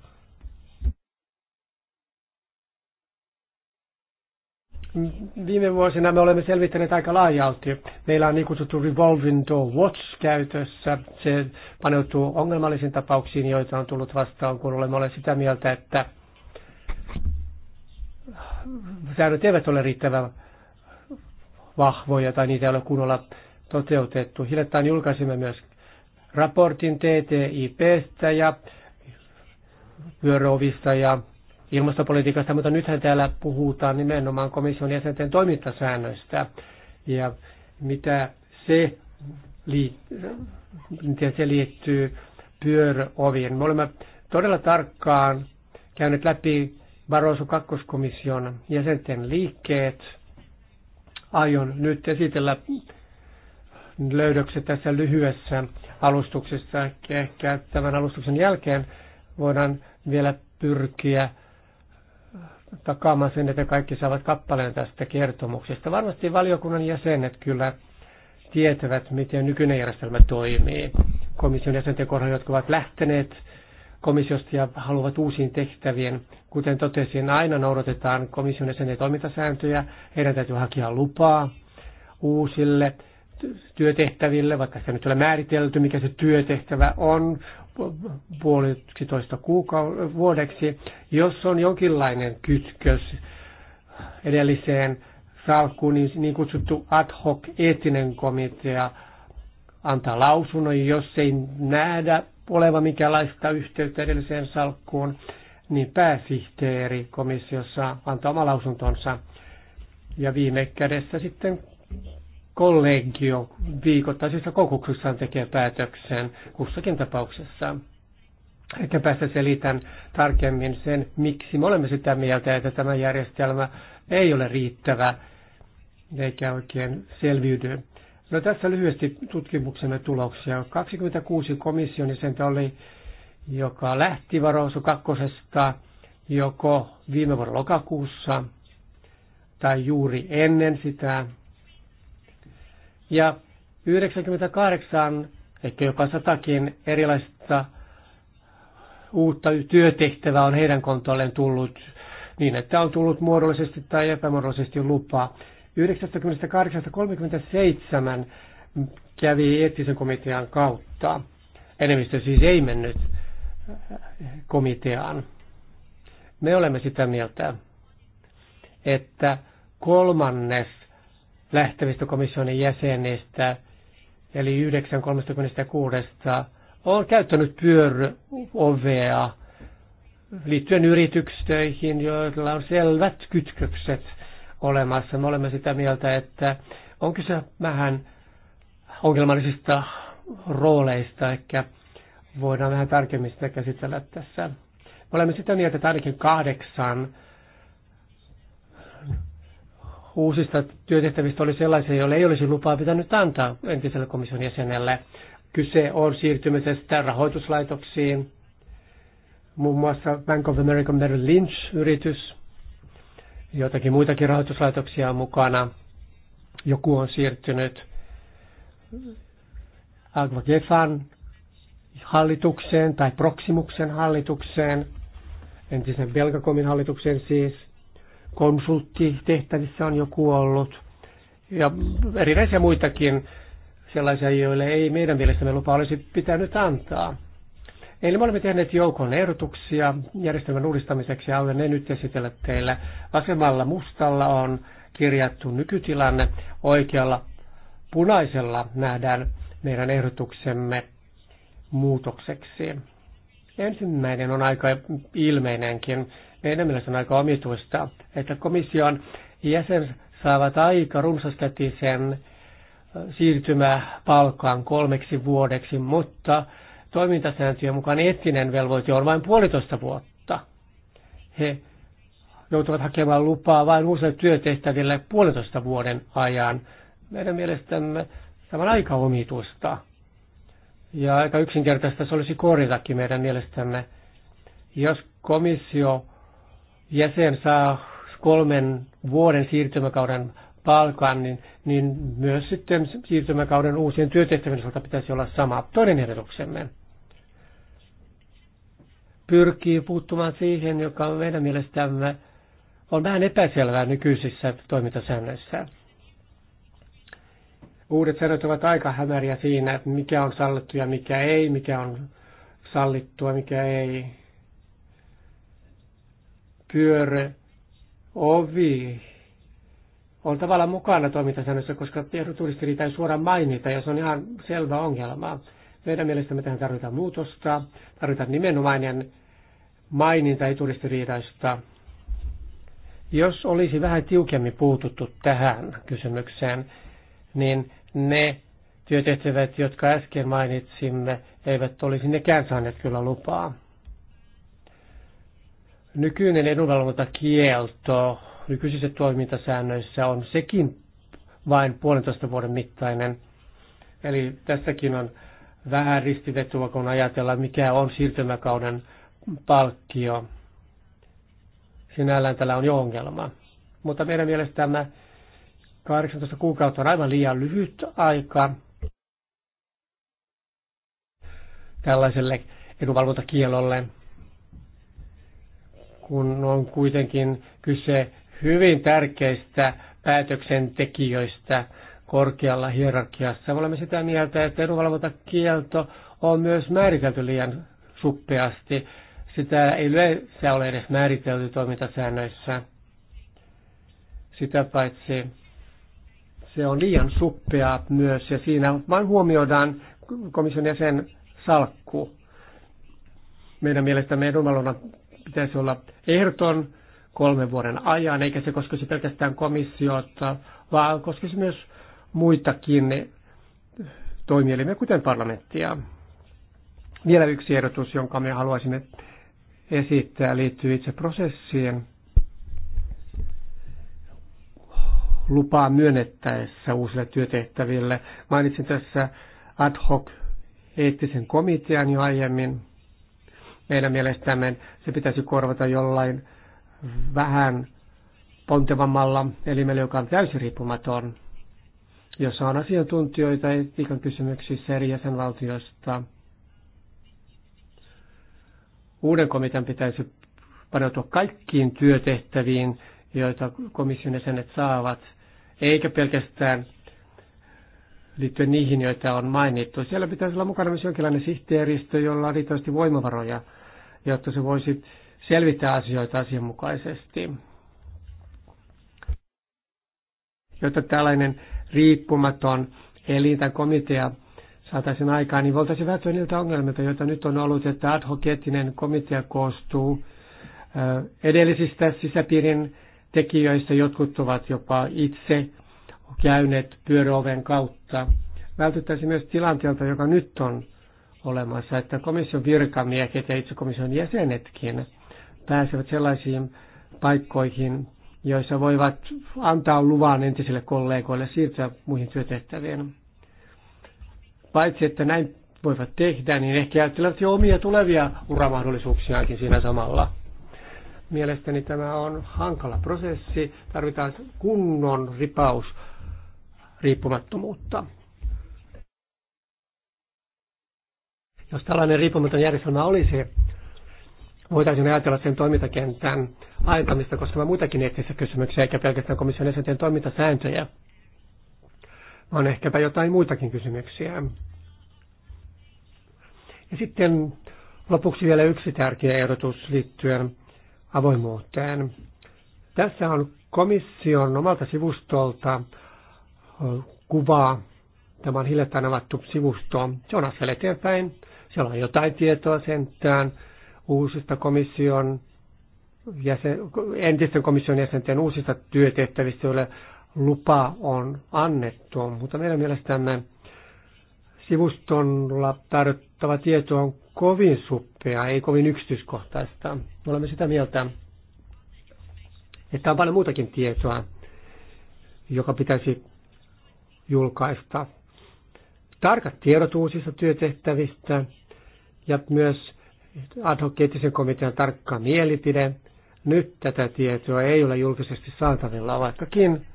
S3: Viime vuosina me olemme selvittäneet aika laajalti. Meillä on niin kutsuttu Revolving Door Watch käytössä. Se paneutuu ongelmallisiin tapauksiin, joita on tullut vastaan, kun olemme olleet sitä mieltä, että säännöt eivät ole riittävän vahvoja tai niitä ei ole kunnolla toteutettu. Hiljattain julkaisimme myös raportin TTIPstä ja vyöroovista ja ilmastopolitiikasta, mutta nythän täällä puhutaan nimenomaan komission jäsenten toimintasäännöistä ja mitä se, miten se liittyy pyöröoviin. Me olemme todella tarkkaan käyneet läpi Barroso kakkoskomission jäsenten liikkeet. Aion nyt esitellä löydökset tässä lyhyessä alustuksessa. Ehkä tämän alustuksen jälkeen voidaan vielä pyrkiä takaamaan sen, että kaikki saavat kappaleen tästä kertomuksesta. Varmasti valiokunnan jäsenet kyllä tietävät, miten nykyinen järjestelmä toimii. Komission jäsenten kohdalla, jotka ovat lähteneet komissiosta ja haluavat uusiin tehtäviin. Kuten totesin, aina noudatetaan komission jäsenten toimintasääntöjä. Heidän täytyy hakea lupaa uusille työtehtäville, vaikka se nyt ole määritelty, mikä se työtehtävä on, puolitoista kuukau- vuodeksi, jos on jonkinlainen kytkös edelliseen salkkuun, niin, niin kutsuttu ad hoc eettinen komitea antaa lausunnon, jos ei nähdä oleva mikälaista yhteyttä edelliseen salkkuun, niin pääsihteeri komissiossa antaa oma lausuntonsa. Ja viime kädessä sitten kollegio viikoittaisissa kokouksissaan tekee päätöksen kussakin tapauksessa. Ehkä päästä selitän tarkemmin sen, miksi me olemme sitä mieltä, että tämä järjestelmä ei ole riittävä eikä oikein selviydy. No tässä lyhyesti tutkimuksemme tuloksia. 26 komission jäsentä oli, joka lähti varousu kakkosesta joko viime vuoden lokakuussa tai juuri ennen sitä ja 98, ehkä jopa satakin erilaista uutta työtehtävää on heidän kontolleen tullut niin, että on tullut muodollisesti tai epämuodollisesti lupa. 98-37 kävi eettisen komitean kautta. Enemmistö siis ei mennyt komiteaan. Me olemme sitä mieltä, että kolmannes lähtevistä komission jäsenistä, eli 9.36, on käyttänyt
S4: pyöröovea
S3: liittyen yritystöihin, joilla on selvät kytkökset olemassa. Me olemme sitä mieltä, että on kyse vähän ongelmallisista rooleista, ehkä voidaan vähän tarkemmin sitä käsitellä tässä. Me olemme sitä mieltä, että ainakin kahdeksan uusista työtehtävistä oli sellaisia, joille ei olisi lupaa pitänyt antaa entiselle komission jäsenelle. Kyse on siirtymisestä rahoituslaitoksiin, muun muassa Bank of America Merrill Lynch-yritys, jotakin muitakin rahoituslaitoksia on mukana. Joku on siirtynyt Gefan hallitukseen tai Proximuksen hallitukseen, entisen Belgakomin hallitukseen siis konsulttitehtävissä on jo kuollut ja erinäisiä muitakin sellaisia, joille ei meidän mielestämme lupa olisi pitänyt antaa. Eli me olemme tehneet joukon ehdotuksia järjestelmän uudistamiseksi ja ne nyt esitellä teille. Vasemmalla mustalla on kirjattu nykytilanne, oikealla punaisella nähdään meidän ehdotuksemme muutokseksi. Ensimmäinen on aika ilmeinenkin. Meidän mielestä on aika omituista, että komission jäsen saavat aika runsaskätisen siirtymäpalkan kolmeksi vuodeksi, mutta toimintasääntöjen mukaan etinen velvoite on vain puolitoista vuotta. He joutuvat hakemaan lupaa vain uusille työtehtäville puolitoista vuoden ajan. Meidän mielestämme tämä on aika omituista. Ja aika yksinkertaista se olisi korjatakin meidän mielestämme. Jos komissio jäsen saa kolmen vuoden siirtymäkauden palkan, niin, niin myös sitten siirtymäkauden uusien työtehtävien osalta pitäisi olla sama. Toinen ehdotuksemme pyrkii puuttumaan siihen, joka meidän mielestämme on vähän epäselvää nykyisissä toimintasäännöissä. Uudet säännöt ovat aika hämäriä siinä, mikä on sallittu ja mikä ei, mikä on sallittua, mikä ei pyörä, ovi on tavallaan mukana toimintasäännössä, koska ehdotturistiriita ei suoraan mainita ja se on ihan selvä ongelma. Meidän mielestämme tähän tarvitaan muutosta, tarvitaan nimenomainen maininta eturistiriitaista. Jos olisi vähän tiukemmin puututtu tähän kysymykseen, niin ne työtehtävät, jotka äsken mainitsimme, eivät olisi nekään saaneet kyllä lupaa. Nykyinen edunvalvontakielto nykyisissä toimintasäännöissä on sekin vain puolentoista vuoden mittainen. Eli tässäkin on vähän ristivetua, kun ajatellaan, mikä on siirtymäkauden palkkio. Sinällään tällä on jo ongelma. Mutta meidän mielestämme 18 kuukautta on aivan liian lyhyt aika tällaiselle edunvalvontakielolle kun on kuitenkin kyse hyvin tärkeistä päätöksentekijöistä korkealla hierarkiassa. Me olemme sitä mieltä, että edunvalvontakielto on myös määritelty liian suppeasti. Sitä ei yleensä ole edes määritelty toimintasäännöissä. Sitä paitsi se on liian suppea myös ja siinä vain huomioidaan komission jäsen salkku. Meidän mielestämme edunvalvonnan pitäisi olla ehdoton kolmen vuoden ajan, eikä se koskisi pelkästään komissiota, vaan koskisi myös muitakin toimielimiä, kuten parlamenttia. Vielä yksi ehdotus, jonka me haluaisimme esittää, liittyy itse prosessiin. Lupaa myönnettäessä uusille työtehtäville. Mainitsin tässä ad hoc eettisen komitean jo aiemmin. Meidän mielestämme se pitäisi korvata jollain vähän pontevammalla elimellä, joka on täysin riippumaton, jossa on asiantuntijoita etiikan kysymyksissä eri jäsenvaltioista. Uuden komitean pitäisi paneutua kaikkiin työtehtäviin, joita komission jäsenet saavat, eikä pelkästään liittyen niihin, joita on mainittu. Siellä pitäisi olla mukana myös jonkinlainen sihteeristö, jolla on riittävästi voimavaroja – jotta se voisi selvittää asioita asianmukaisesti. Jotta tällainen riippumaton elin tai komitea saataisiin aikaan, niin voitaisiin välttää niiltä ongelmilta, joita nyt on ollut, että ad hoc komitea koostuu edellisistä sisäpiirin tekijöistä, jotkut ovat jopa itse käyneet pyöröoven kautta. Vältyttäisiin myös tilanteelta, joka nyt on olemassa, että komission virkamiehet ja itse komission jäsenetkin pääsevät sellaisiin paikkoihin, joissa voivat antaa luvan entisille kollegoille siirtyä muihin työtehtäviin. Paitsi, että näin voivat tehdä, niin ehkä ajattelevat jo omia tulevia uramahdollisuuksiaankin siinä samalla. Mielestäni tämä on hankala prosessi. Tarvitaan kunnon ripaus riippumattomuutta. Jos tällainen riippumaton järjestelmä olisi, voitaisiin ajatella sen toimintakentän aikamista koskemaan muitakin eettisiä kysymyksiä, eikä pelkästään komission jäsenten toimintasääntöjä, vaan ehkäpä jotain muitakin kysymyksiä. Ja sitten lopuksi vielä yksi tärkeä ehdotus liittyen avoimuuteen. Tässä on komission omalta sivustolta kuvaa. Tämä on hiljattain avattu sivusto. Se on askel eteenpäin. Siellä on jotain tietoa sentään uusista komission jäsen, entisten komission jäsenten uusista työtehtävistä, joille lupa on annettu. Mutta meidän mielestämme sivustolla tarjottava tieto on kovin suppea, ei kovin yksityiskohtaista. Me olemme sitä mieltä, että on paljon muutakin tietoa, joka pitäisi julkaista. Tarkat tiedot uusista työtehtävistä, ja myös ad hoc komitean tarkka mielipide. Nyt tätä tietoa ei ole julkisesti saatavilla, vaikkakin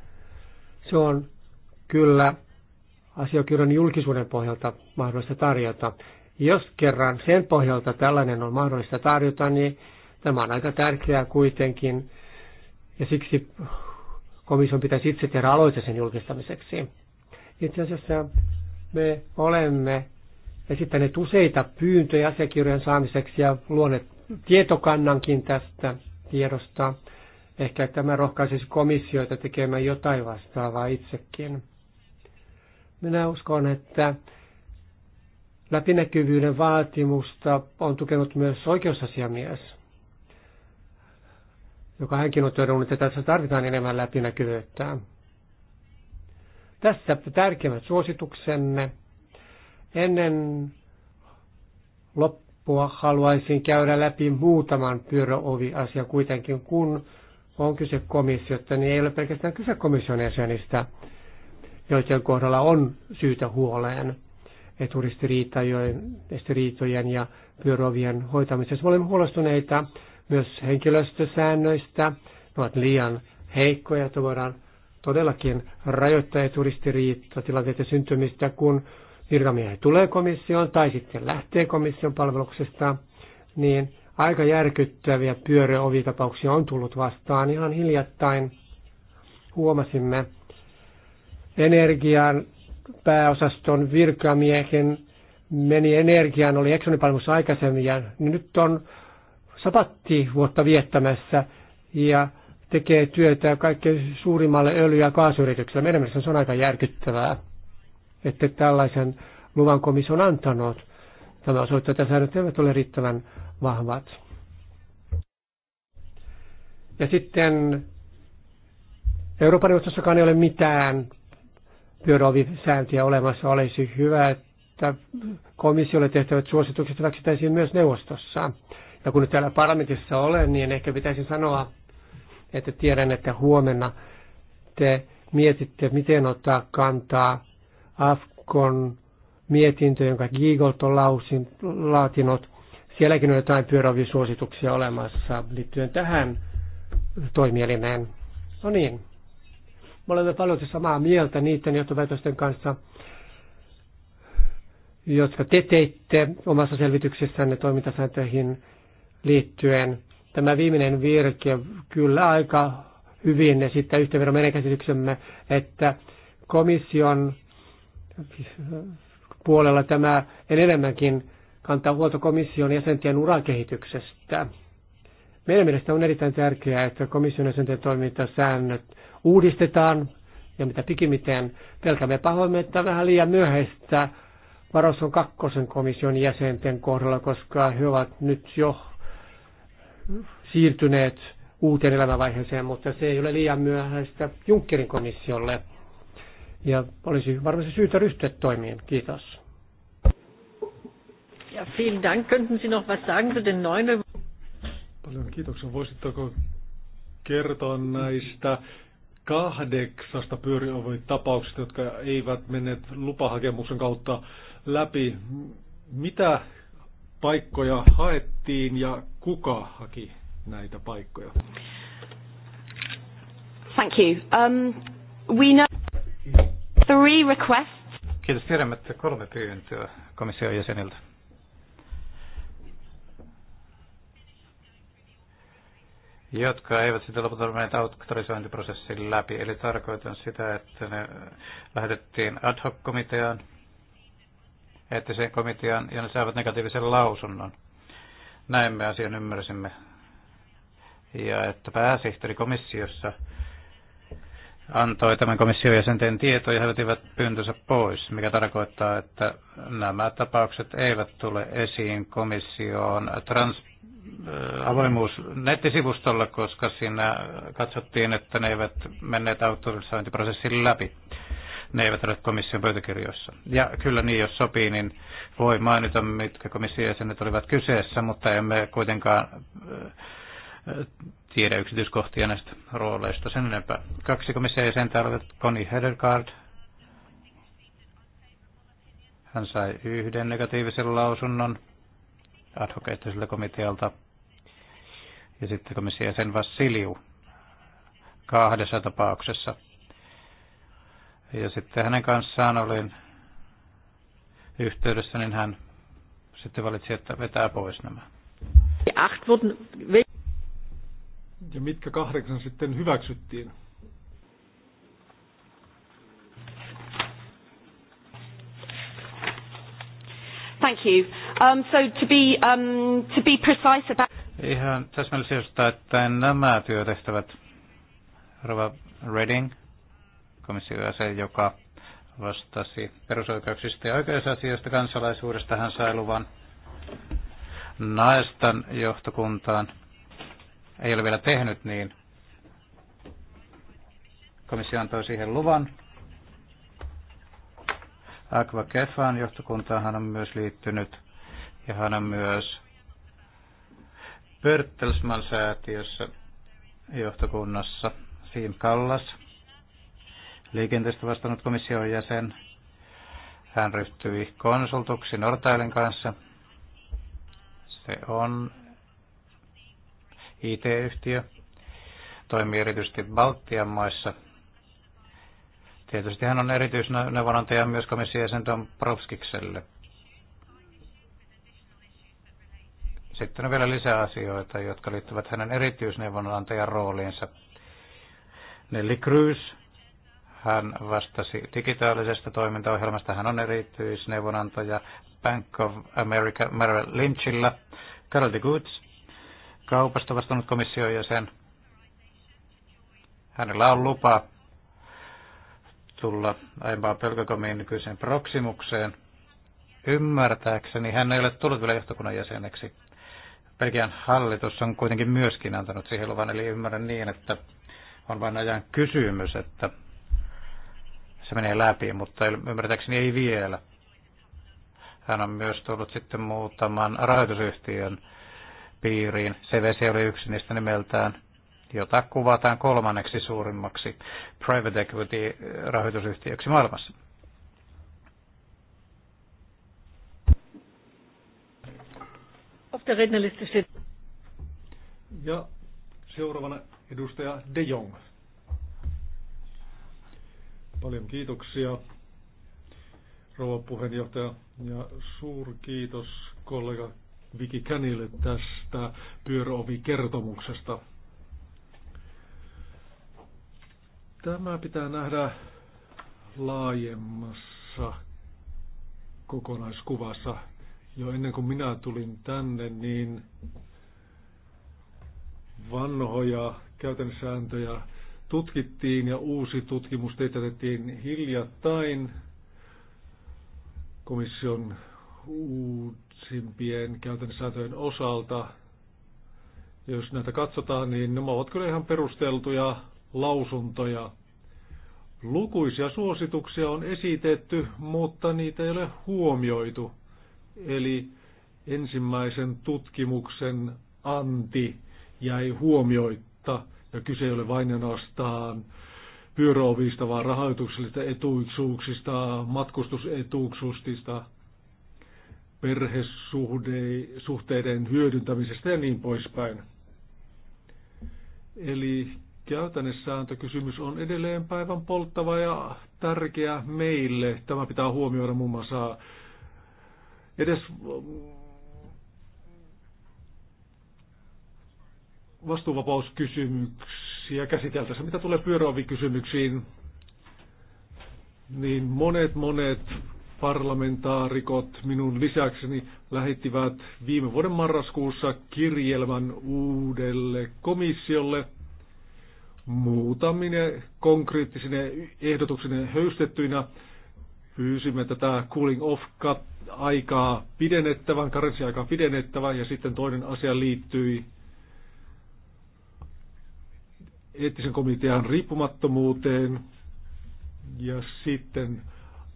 S3: se on kyllä asiakirjan julkisuuden pohjalta mahdollista tarjota. Jos kerran sen pohjalta tällainen on mahdollista tarjota, niin tämä on aika tärkeää kuitenkin, ja siksi komission pitäisi itse tehdä aloite sen julkistamiseksi. Itse asiassa me olemme esittäneet useita pyyntöjä asiakirjojen saamiseksi ja luoneet tietokannankin tästä tiedosta. Ehkä tämä rohkaisisi komissioita tekemään jotain vastaavaa itsekin. Minä uskon, että läpinäkyvyyden vaatimusta on tukenut myös oikeusasiamies, joka hänkin on todennut, että tässä tarvitaan enemmän läpinäkyvyyttä. Tässä tärkeimmät suosituksenne. Ennen loppua haluaisin käydä läpi muutaman pyöröovi kuitenkin, kun on kyse komissiosta, niin ei ole pelkästään kyse komission jäsenistä, joiden kohdalla on syytä huoleen eturistiriitojen ja pyörovien hoitamisessa. Olemme huolestuneita myös henkilöstösäännöistä. Ne ovat liian heikkoja, että voidaan todellakin rajoittaa eturistiriittatilanteiden syntymistä, kun virkamiehet tulee komissioon tai sitten lähtee komission palveluksesta, niin aika järkyttäviä pyöröovitapauksia on tullut vastaan ihan hiljattain. Huomasimme energian pääosaston virkamiehen meni energiaan, oli Exxonin palvelussa aikaisemmin ja nyt on sapatti vuotta viettämässä ja tekee työtä kaikkein suurimmalle öljy- ja kaasuyritykselle. Meidän mielestä se on aika järkyttävää että tällaisen luvan komissio antanut. Tämä osoittaa, että säännöt eivät ole riittävän vahvat. Ja sitten Euroopan neuvostossakaan ei ole mitään pyöräovisääntöjä olemassa. Olisi hyvä, että komissiolle tehtävät suositukset hyväksytäisiin myös neuvostossa. Ja kun nyt täällä parlamentissa olen, niin ehkä pitäisi sanoa, että tiedän, että huomenna te mietitte, miten ottaa kantaa Afkon mietintö, jonka Giegold on lausin, laatinut. Sielläkin on jotain pyöräviisuosituksia olemassa liittyen tähän toimielimeen. No niin, me olemme paljon samaa mieltä niiden johtopäätösten kanssa, jotka te teitte omassa selvityksessänne toimintasääntöihin liittyen. Tämä viimeinen virke kyllä aika hyvin esittää yhteenvedon meidän käsityksemme, että komission puolella tämä en enemmänkin kantaa huolta komission jäsentien urakehityksestä. Meidän mielestä on erittäin tärkeää, että komission jäsenten toimintasäännöt uudistetaan ja mitä pikimmiten pelkäämme pahoimme, että vähän liian myöhäistä Varoson kakkosen komission jäsenten kohdalla, koska he ovat nyt jo siirtyneet uuteen elämänvaiheeseen, mutta se ei ole liian myöhäistä Junckerin komissiolle ja olisi varmasti syytä ryhtyä
S2: toimiin. Kiitos. Ja vielen Dank. Könnten Sie noch was sagen zu den neuen? Paljon kiitoksia. Voisitteko kertoa näistä kahdeksasta tapauksesta, jotka eivät menneet lupahakemuksen kautta läpi. Mitä paikkoja haettiin ja kuka haki näitä paikkoja? Thank you. Um, we know... Three requests.
S1: Kiitos. tiedämättä kolme pyyntöä komission jäseniltä. jotka eivät sitten lopulta menneet auktorisointiprosessin läpi. Eli tarkoitan sitä, että ne lähetettiin ad hoc-komiteaan, että sen komitean, ja ne saavat negatiivisen lausunnon. Näin me asian ymmärsimme. Ja että pääsihteeri komissiossa antoi tämän komission jäsenten tietoja ja he vetivät pyyntönsä pois, mikä tarkoittaa, että nämä tapaukset eivät tule esiin komissioon trans, äh, avoimuus nettisivustolla, koska siinä katsottiin, että ne eivät menneet autorisointiprosessin läpi. Ne eivät ole komission pöytäkirjoissa. Ja kyllä niin, jos sopii, niin voi mainita, mitkä komission jäsenet olivat kyseessä, mutta emme kuitenkaan äh, tiedä yksityiskohtia näistä rooleista sen enempää. Kaksi komissia jäsentä olivat Connie Hedegaard. Hän sai yhden negatiivisen lausunnon ad komitealta. Ja sitten komissia jäsen Vassiliu kahdessa tapauksessa. Ja sitten hänen kanssaan olin yhteydessä, niin hän sitten valitsi, että vetää pois nämä.
S2: Ja acht wurden, ja mitkä kahdeksan sitten hyväksyttiin? Thank you. Um, so to be, um, to be precise about...
S1: Ihan täsmällisyystä, että nämä työtehtävät, Rova komissio se, joka vastasi perusoikeuksista ja oikeusasioista kansalaisuudesta, hän sai luvan naistan johtokuntaan ei ole vielä tehnyt, niin komissio antoi siihen luvan. Akva Kefan johtokuntaan hän on myös liittynyt ja hän on myös Pörttelsman säätiössä johtokunnassa Siim Kallas, liikenteestä vastannut komission jäsen. Hän ryhtyi konsultuksi Nortailen kanssa. Se on IT-yhtiö, toimii erityisesti Baltian maissa. Tietysti hän on erityisneuvonantaja myös komission jäsen Don Provskikselle. Sitten on vielä lisää asioita, jotka liittyvät hänen erityisneuvonantajan rooliinsa. Nelly Cruz, hän vastasi digitaalisesta toimintaohjelmasta. Hän on erityisneuvonantaja Bank of America Merrill Lynchilla, Carol de Goods, kaupasta vastannut komission jäsen. Hänellä on lupa tulla aiempaan pölkökomiin nykyiseen proksimukseen. Ymmärtääkseni hän ei ole tullut vielä johtokunnan jäseneksi. Pelkian hallitus on kuitenkin myöskin antanut siihen luvan, eli ymmärrän niin, että on vain ajan kysymys, että se menee läpi, mutta ymmärtääkseni ei vielä. Hän on myös tullut sitten muutaman rahoitusyhtiön piiriin. Se vesi oli yksi niistä nimeltään, jota kuvataan kolmanneksi suurimmaksi private equity-rahoitusyhtiöksi maailmassa.
S2: Ja seuraavana edustaja De Jong. Paljon kiitoksia, rouva puheenjohtaja, ja kiitos kollega Viki Känille tästä pyöräovikertomuksesta. Tämä pitää nähdä laajemmassa kokonaiskuvassa. Jo ennen kuin minä tulin tänne, niin vanhoja käytännössääntöjä tutkittiin ja uusi tutkimus teetettiin hiljattain komission aikaisempien käytännön osalta, jos näitä katsotaan, niin ne ovat kyllä ihan perusteltuja lausuntoja. Lukuisia suosituksia on esitetty, mutta niitä ei ole huomioitu. Eli ensimmäisen tutkimuksen anti jäi huomioitta, ja kyse ei ole vain ainoastaan pyöräovista, vaan rahoituksellisista etuisuuksista, matkustusetuuksustista, perhesuhteiden hyödyntämisestä ja niin poispäin. Eli sääntökysymys on edelleen päivän polttava ja tärkeä meille. Tämä pitää huomioida muun muassa edes mm, vastuuvapauskysymyksiä käsiteltäessä. Mitä tulee pyöräovikysymyksiin, niin monet monet parlamentaarikot minun lisäkseni lähettivät viime vuoden marraskuussa kirjelmän uudelle komissiolle muutamine konkreettisine ehdotuksine höystettyinä. Pyysimme tätä cooling off aikaa pidennettävän, karenssiaikaa pidennettävän ja sitten toinen asia liittyi eettisen komitean riippumattomuuteen ja sitten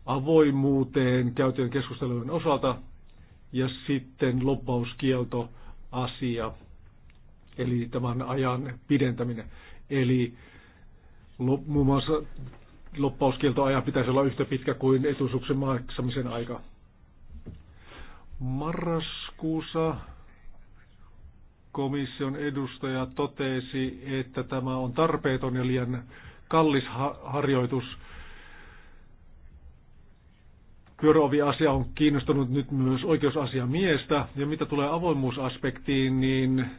S2: avoimuuteen käytyjen keskustelujen osalta ja sitten lobbauskielto asia, eli tämän ajan pidentäminen. Eli muun muassa loppauskieltoajan pitäisi olla yhtä pitkä kuin etuisuuksien maksamisen aika. Marraskuussa komission edustaja totesi, että tämä on tarpeeton ja liian kallis harjoitus Pyöröovi-asia on kiinnostunut nyt myös oikeusasiamiestä, ja mitä tulee avoimuusaspektiin, niin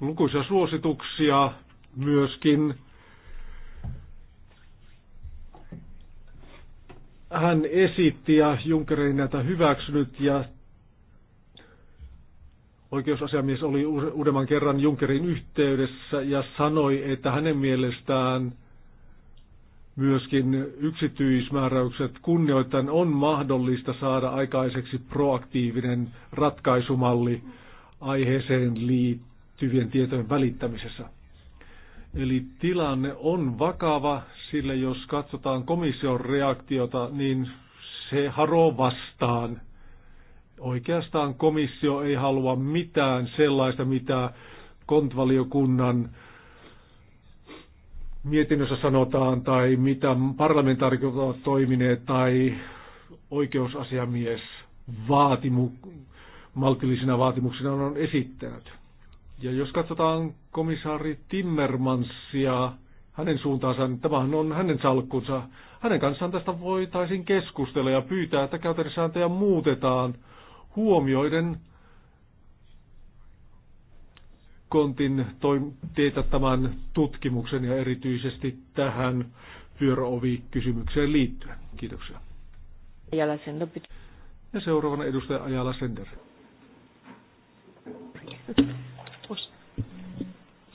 S2: lukuisia suosituksia myöskin hän esitti ja Juncker ei näitä hyväksynyt ja oikeusasiamies oli uudemman kerran Junckerin yhteydessä ja sanoi, että hänen mielestään – myöskin yksityismääräykset kunnioittain on mahdollista saada aikaiseksi proaktiivinen ratkaisumalli aiheeseen liittyvien tietojen välittämisessä. Eli tilanne on vakava, sillä jos katsotaan komission reaktiota, niin se haro vastaan. Oikeastaan komissio ei halua mitään sellaista, mitä kontvaliokunnan mietinnössä sanotaan tai mitä parlamentaarikot ovat toimineet tai oikeusasiamies vaatimu, maltillisina vaatimuksina on esittänyt. Ja jos katsotaan komissaari Timmermansia, hänen suuntaansa, niin tämähän on hänen salkkunsa. Hänen kanssaan tästä voitaisiin keskustella ja pyytää, että käytännössääntöjä muutetaan huomioiden Kontin teetättämän tutkimuksen ja erityisesti tähän pyöräovi-kysymykseen liittyen. Kiitoksia. Ja seuraavana edustaja Ajala Sender.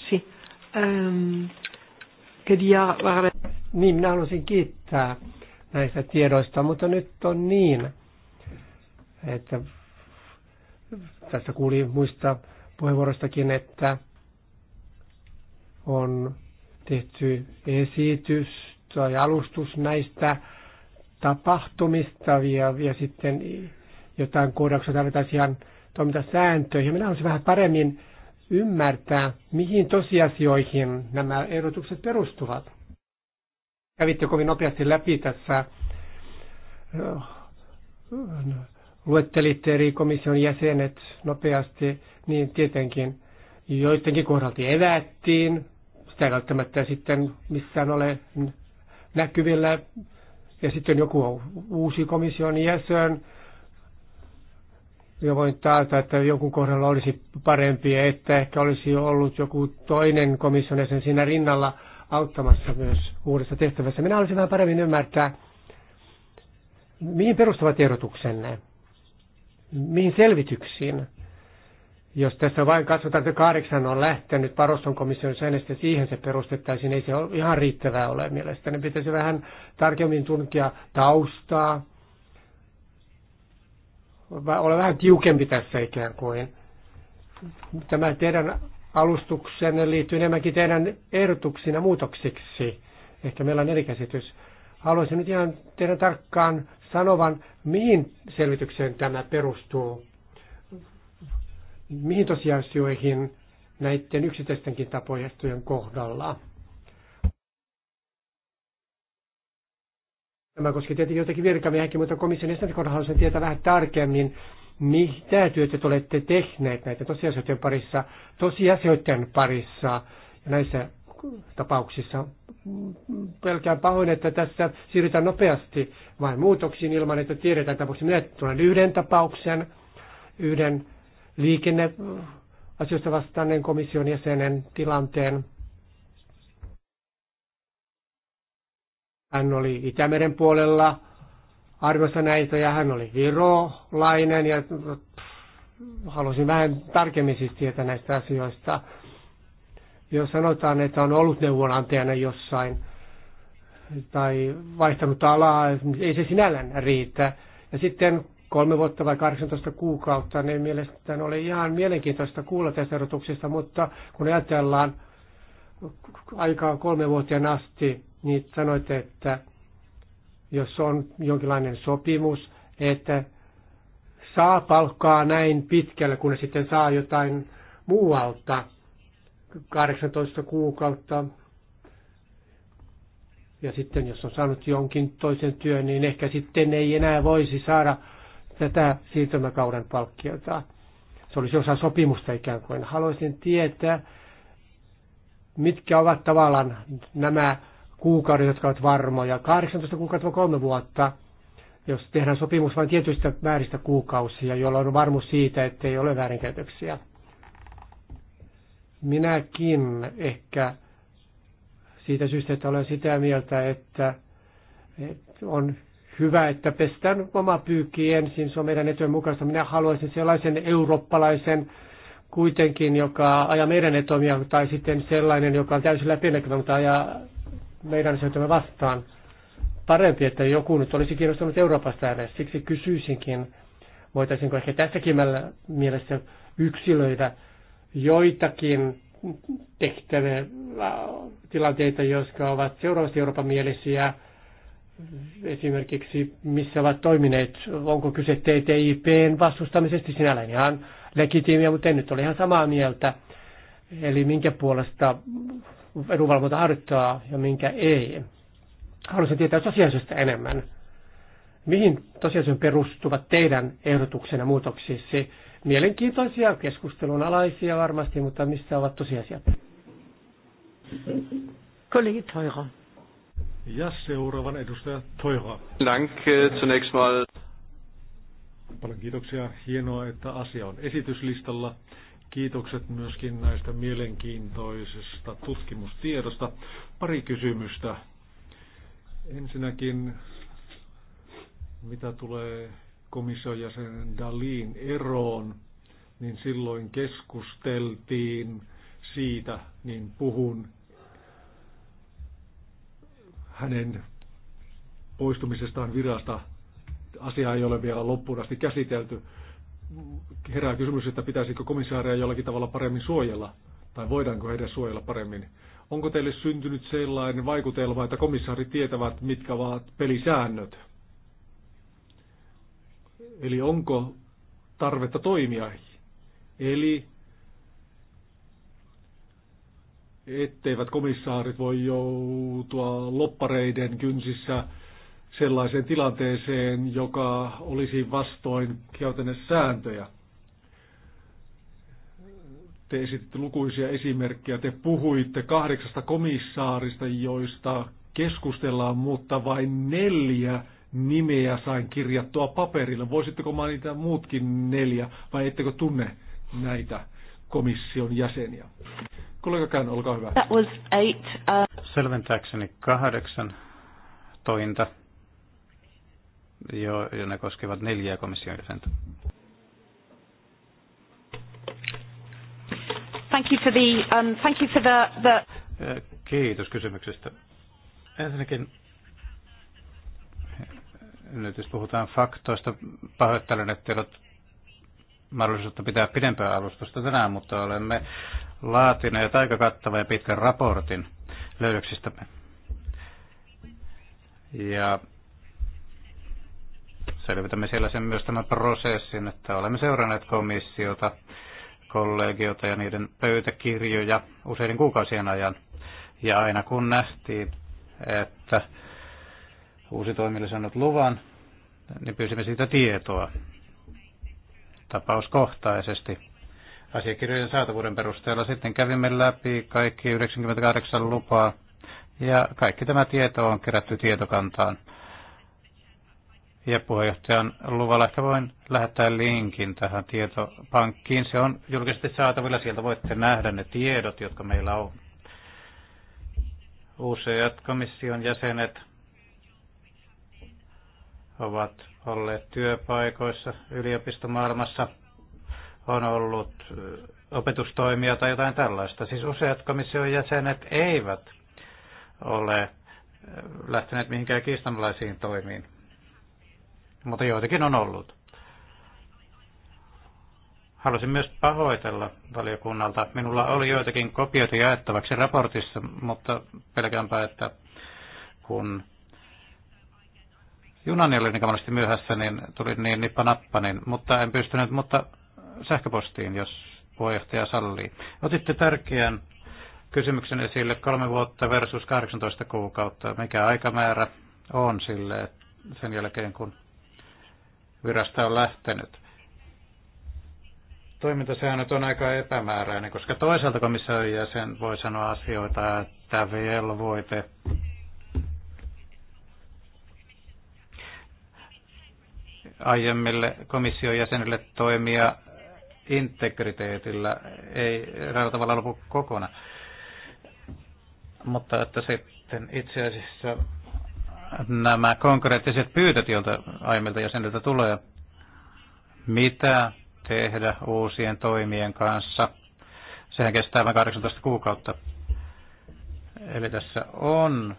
S4: Si. Ähm,
S3: Niin, minä haluaisin kiittää näistä tiedoista, mutta nyt on niin, että tässä kuulin muista puheenvuorostakin, että on tehty esitys tai alustus näistä tapahtumista ja, ja sitten jotain kohdauksia tarvitaan ihan toimintasääntöihin. Minä haluaisin vähän paremmin ymmärtää, mihin tosiasioihin nämä ehdotukset perustuvat. Kävitte kovin nopeasti läpi tässä, äh, luettelitte eri komission jäsenet nopeasti, niin tietenkin joidenkin kohdalta evättiin. Sitä ei välttämättä sitten missään ole näkyvillä. Ja sitten joku on uusi komission jäsen. Ja voin taata, että jonkun kohdalla olisi parempi, että ehkä olisi ollut joku toinen komission jäsen siinä rinnalla auttamassa myös uudessa tehtävässä. Minä olisin vähän paremmin ymmärtää, mihin perustuvat ehdotuksenne, mihin selvityksiin jos tässä vain katsotaan, että kahdeksan on lähtenyt Paroston komission säännöstä, siihen se perustettaisiin, ei se ole ihan riittävää ole mielestäni. Pitäisi vähän tarkemmin tunkia taustaa, ole vähän tiukempi tässä ikään kuin. Tämä teidän alustuksen liittyy enemmänkin teidän ehdotuksina muutoksiksi. Ehkä meillä on eri käsitys. Haluaisin nyt ihan teidän tarkkaan sanovan, mihin selvitykseen tämä perustuu mihin tosiasioihin näiden yksittäistenkin tapojen kohdalla. Tämä koski tietenkin jotakin virkamiehenkin, mutta komission jäsenten kohdalla haluaisin tietää vähän tarkemmin, mitä työtä te olette tehneet näiden tosiasioiden parissa, tosiasioiden parissa ja näissä tapauksissa. Pelkään pahoin, että tässä siirrytään nopeasti vain muutoksiin ilman, että tiedetään tapauksia. Minä tulen yhden tapauksen, yhden liikenneasioista vastanneen komission jäsenen tilanteen. Hän oli Itämeren puolella arvossa näitä ja hän oli virolainen ja halusin vähän tarkemmin siis tietää näistä asioista. Jos sanotaan, että on ollut neuvonantajana jossain tai vaihtanut alaa, ei se sinällään riitä. Ja sitten kolme vuotta vai 18 kuukautta, niin mielestäni oli ihan mielenkiintoista kuulla tästä erotuksesta, mutta kun ajatellaan aikaa kolme vuoteen asti, niin sanoitte, että jos on jonkinlainen sopimus, että saa palkkaa näin pitkälle, kun sitten saa jotain muualta, 18 kuukautta. Ja sitten jos on saanut jonkin toisen työn, niin ehkä sitten ei enää voisi saada tätä siirtymäkauden palkkiota. Se olisi osa sopimusta ikään kuin. Haluaisin tietää, mitkä ovat tavallaan nämä kuukaudet, jotka ovat varmoja. 18 kuukautta vai kolme vuotta, jos tehdään sopimus vain tietyistä määristä kuukausia, jolloin on varmuus siitä, ettei ole väärinkäytöksiä. Minäkin ehkä siitä syystä, että olen sitä mieltä, että on hyvä, että pestään oma pyykki ensin, se on meidän etujen mukaista. Minä haluaisin sellaisen eurooppalaisen kuitenkin, joka ajaa meidän etomia, tai sitten sellainen, joka on täysin läpinäkyvä, mutta ajaa meidän asioitamme vastaan. Parempi, että joku nyt olisi kiinnostunut Euroopasta edes. Siksi kysyisinkin, voitaisiinko ehkä tässäkin mielessä yksilöidä joitakin tehtäviä tilanteita, jotka ovat seuraavasti Euroopan mielisiä, esimerkiksi missä ovat toimineet, onko kyse TTIPn vastustamisesta sinällään ihan legitiimiä, mutta en nyt ole ihan samaa mieltä, eli minkä puolesta edunvalvonta harjoittaa ja minkä ei. Haluaisin tietää tosiasioista enemmän. Mihin tosiasiaan perustuvat teidän ehdotuksena muutoksissa? Mielenkiintoisia keskustelun alaisia varmasti, mutta missä ovat tosiasiat? Kollegi
S2: Toiro. Ja seuraavan edustaja Toiva. Danke, zunächst mal. Paljon kiitoksia. Hienoa, että asia on esityslistalla. Kiitokset myöskin näistä mielenkiintoisista tutkimustiedosta. Pari kysymystä. Ensinnäkin, mitä tulee komission jäsen Dalin eroon, niin silloin keskusteltiin siitä, niin puhun hänen poistumisestaan virasta. asia ei ole vielä loppuun asti käsitelty. Herää kysymys, että pitäisikö komissaaria jollakin tavalla paremmin suojella, tai voidaanko heidän suojella paremmin. Onko teille syntynyt sellainen vaikutelma, että komissaari tietävät, mitkä ovat pelisäännöt? Eli onko tarvetta toimia? Eli etteivät komissaarit voi joutua loppareiden kynsissä sellaiseen tilanteeseen, joka olisi vastoin käytännössä sääntöjä. Te esititte lukuisia esimerkkejä. Te puhuitte kahdeksasta komissaarista, joista keskustellaan, mutta vain neljä nimeä sain kirjattua paperille. Voisitteko mainita muutkin neljä vai ettekö tunne näitä komission jäseniä? Kollega Kään, olkaa hyvä. That was eight, uh...
S1: Selventääkseni kahdeksan tointa, jo, jo ne koskevat neljää komission jäsentä.
S2: Thank you for the, um, thank you for the, the...
S1: Äh, kiitos kysymyksestä. Ensinnäkin nyt jos puhutaan faktoista, pahoittelen, että ei mahdollisuutta pitää pidempää alustusta tänään, mutta olemme laatineet aika kattavan ja pitkän raportin löydöksistämme. Ja selvitämme siellä sen myös tämän prosessin, että olemme seuranneet komissiota, kollegiota ja niiden pöytäkirjoja useiden kuukausien ajan. Ja aina kun nähtiin, että uusi toimille on luvan, niin pyysimme siitä tietoa tapauskohtaisesti. Asiakirjojen saatavuuden perusteella sitten kävimme läpi kaikki 98 lupaa ja kaikki tämä tieto on kerätty tietokantaan. Ja puheenjohtajan luvalla ehkä voin lähettää linkin tähän tietopankkiin. Se on julkisesti saatavilla. Sieltä voitte nähdä ne tiedot, jotka meillä on. Useat komission jäsenet ovat olleet työpaikoissa yliopistomaailmassa, on ollut opetustoimia tai jotain tällaista. Siis useat komission jäsenet eivät ole lähteneet mihinkään kiistanlaisiin toimiin, mutta joitakin on ollut. Halusin myös pahoitella valiokunnalta. Minulla oli joitakin kopioita jaettavaksi raportissa, mutta pelkäänpä, että kun Junani oli niin kamalasti myöhässä, niin tuli niin nippa nappa, niin, mutta en pystynyt, mutta sähköpostiin, jos puheenjohtaja sallii. Otitte tärkeän kysymyksen esille, kolme vuotta versus 18 kuukautta. Mikä aikamäärä on sille sen jälkeen, kun virasta on lähtenyt? Toimintasäännöt on aika epämääräinen, koska toisaalta komissaari jäsen voi sanoa asioita, että velvoite aiemmille komission jäsenille toimia integriteetillä, ei eräällä tavalla lopu kokonaan. Mutta että sitten itse asiassa nämä konkreettiset pyytöt, joilta aiemmilta jäseniltä tulee, mitä tehdä uusien toimien kanssa, sehän kestää vain 18 kuukautta. Eli tässä on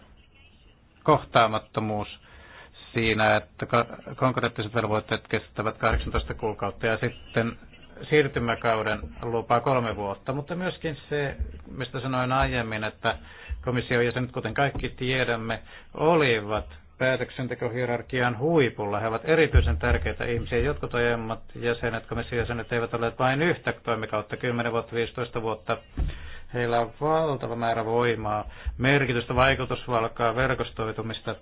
S1: kohtaamattomuus siinä, että konkreettiset velvoitteet kestävät 18 kuukautta ja sitten siirtymäkauden lupaa kolme vuotta, mutta myöskin se, mistä sanoin aiemmin, että komission jäsenet, kuten kaikki tiedämme, olivat päätöksentekohierarkian huipulla. He ovat erityisen tärkeitä ihmisiä. Jotkut aiemmat jäsenet, komission jäsenet, eivät ole vain yhtä toimikautta, 10 vuotta, 15 vuotta. Heillä on valtava määrä voimaa, merkitystä, vaikutusvalkaa, verkostoitumista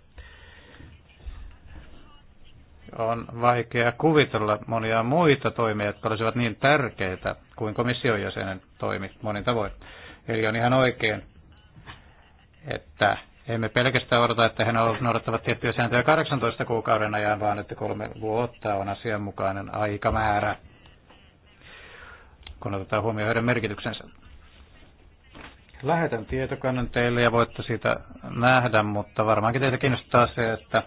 S1: on vaikea kuvitella monia muita toimia, jotka olisivat niin tärkeitä kuin komission jäsenen toimi monin tavoin. Eli on ihan oikein, että emme pelkästään odota, että he noudattavat tiettyjä sääntöjä 18 kuukauden ajan, vaan että kolme vuotta on asianmukainen aikamäärä, kun otetaan huomioon heidän merkityksensä. Lähetän tietokannan teille ja voitte siitä nähdä, mutta varmaankin teitä kiinnostaa se, että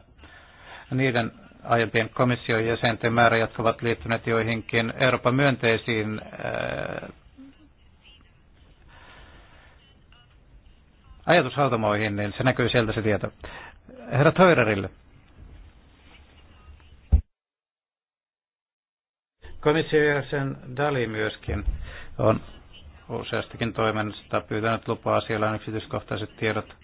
S1: niiden aiempien komission jäsenten määrä, jotka ovat liittyneet joihinkin Euroopan myönteisiin ajatushautomoihin, niin se näkyy sieltä se tieto. Herra Toirerille. Komissiojäsen Dali myöskin on useastikin toimesta pyytänyt lupaa, siellä on yksityiskohtaiset tiedot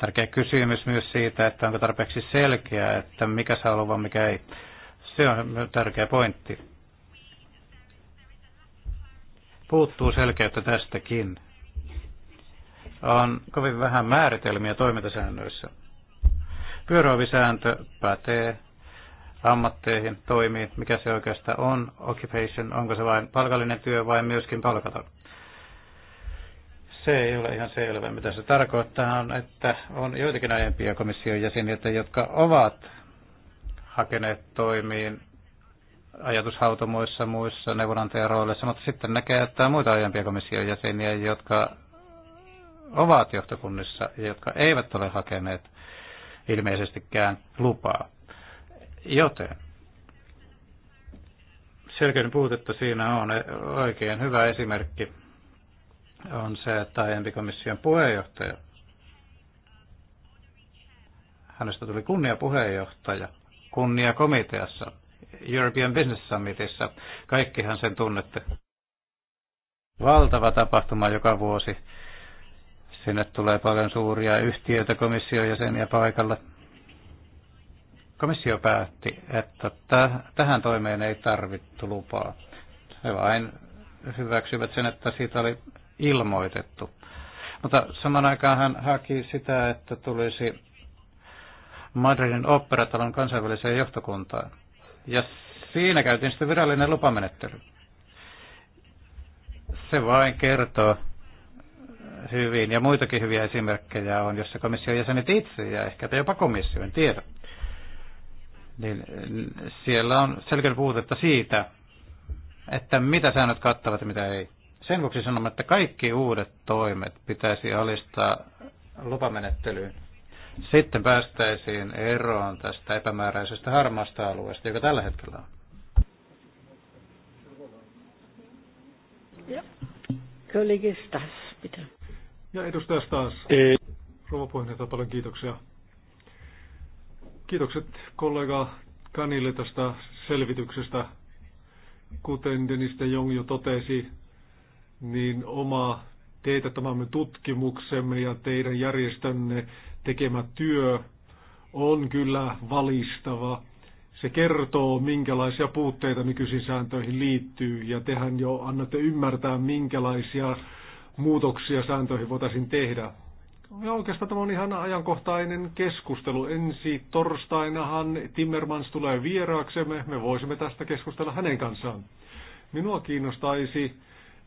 S1: Tärkeä kysymys myös siitä, että onko tarpeeksi selkeää, että mikä saa olla, mikä ei. Se on tärkeä pointti. Puuttuu selkeyttä tästäkin. On kovin vähän määritelmiä toimintasäännöissä. Pyöräovisääntö pätee ammatteihin, toimiin, mikä se oikeastaan on, occupation, onko se vain palkallinen työ vai myöskin palkaton se ei ole ihan selvä. Mitä se tarkoittaa on, että on joitakin aiempia komission jäseniä, jotka ovat hakeneet toimiin ajatushautomoissa, muissa neuvonantajarooleissa, mutta sitten näkee, että on muita aiempia komission jäseniä, jotka ovat johtokunnissa ja jotka eivät ole hakeneet ilmeisestikään lupaa. Joten selkeän puutetta siinä on oikein hyvä esimerkki on se, että aiempi komission puheenjohtaja, hänestä tuli kunnia komiteassa, European Business Summitissa, kaikkihan sen tunnette. Valtava tapahtuma joka vuosi. Sinne tulee paljon suuria yhtiöitä komission jäseniä paikalla Komissio päätti, että tähän toimeen ei tarvittu lupaa. He vain hyväksyivät sen, että siitä oli ilmoitettu. Mutta saman aikaan hän haki sitä, että tulisi Madridin operatalon kansainväliseen johtokuntaan. Ja siinä käytiin sitten virallinen lupamenettely. Se vain kertoo hyvin, ja muitakin hyviä esimerkkejä on, jossa komission jäsenet itse, ja ehkä jopa komissio, en tiedä, niin siellä on selkeä puutetta siitä, että mitä säännöt kattavat ja mitä ei. Sen vuoksi sanomme, että kaikki uudet toimet pitäisi alistaa lupamenettelyyn. Sitten päästäisiin eroon tästä epämääräisestä harmaasta alueesta, joka tällä hetkellä on.
S3: Ja,
S2: edustaja Stas. Ei. Rouva puheenjohtaja, paljon kiitoksia. Kiitokset kollega Kanille tästä selvityksestä. Kuten Denis de Jong jo totesi, niin oma teetettämämme tutkimuksemme ja teidän järjestönne tekemä työ on kyllä valistava. Se kertoo, minkälaisia puutteita nykyisiin sääntöihin liittyy, ja tehän jo annatte ymmärtää, minkälaisia muutoksia sääntöihin voitaisiin tehdä. Ja oikeastaan tämä on ihan ajankohtainen keskustelu. Ensi torstainahan Timmermans tulee vieraaksemme. Me voisimme tästä keskustella hänen kanssaan. Minua kiinnostaisi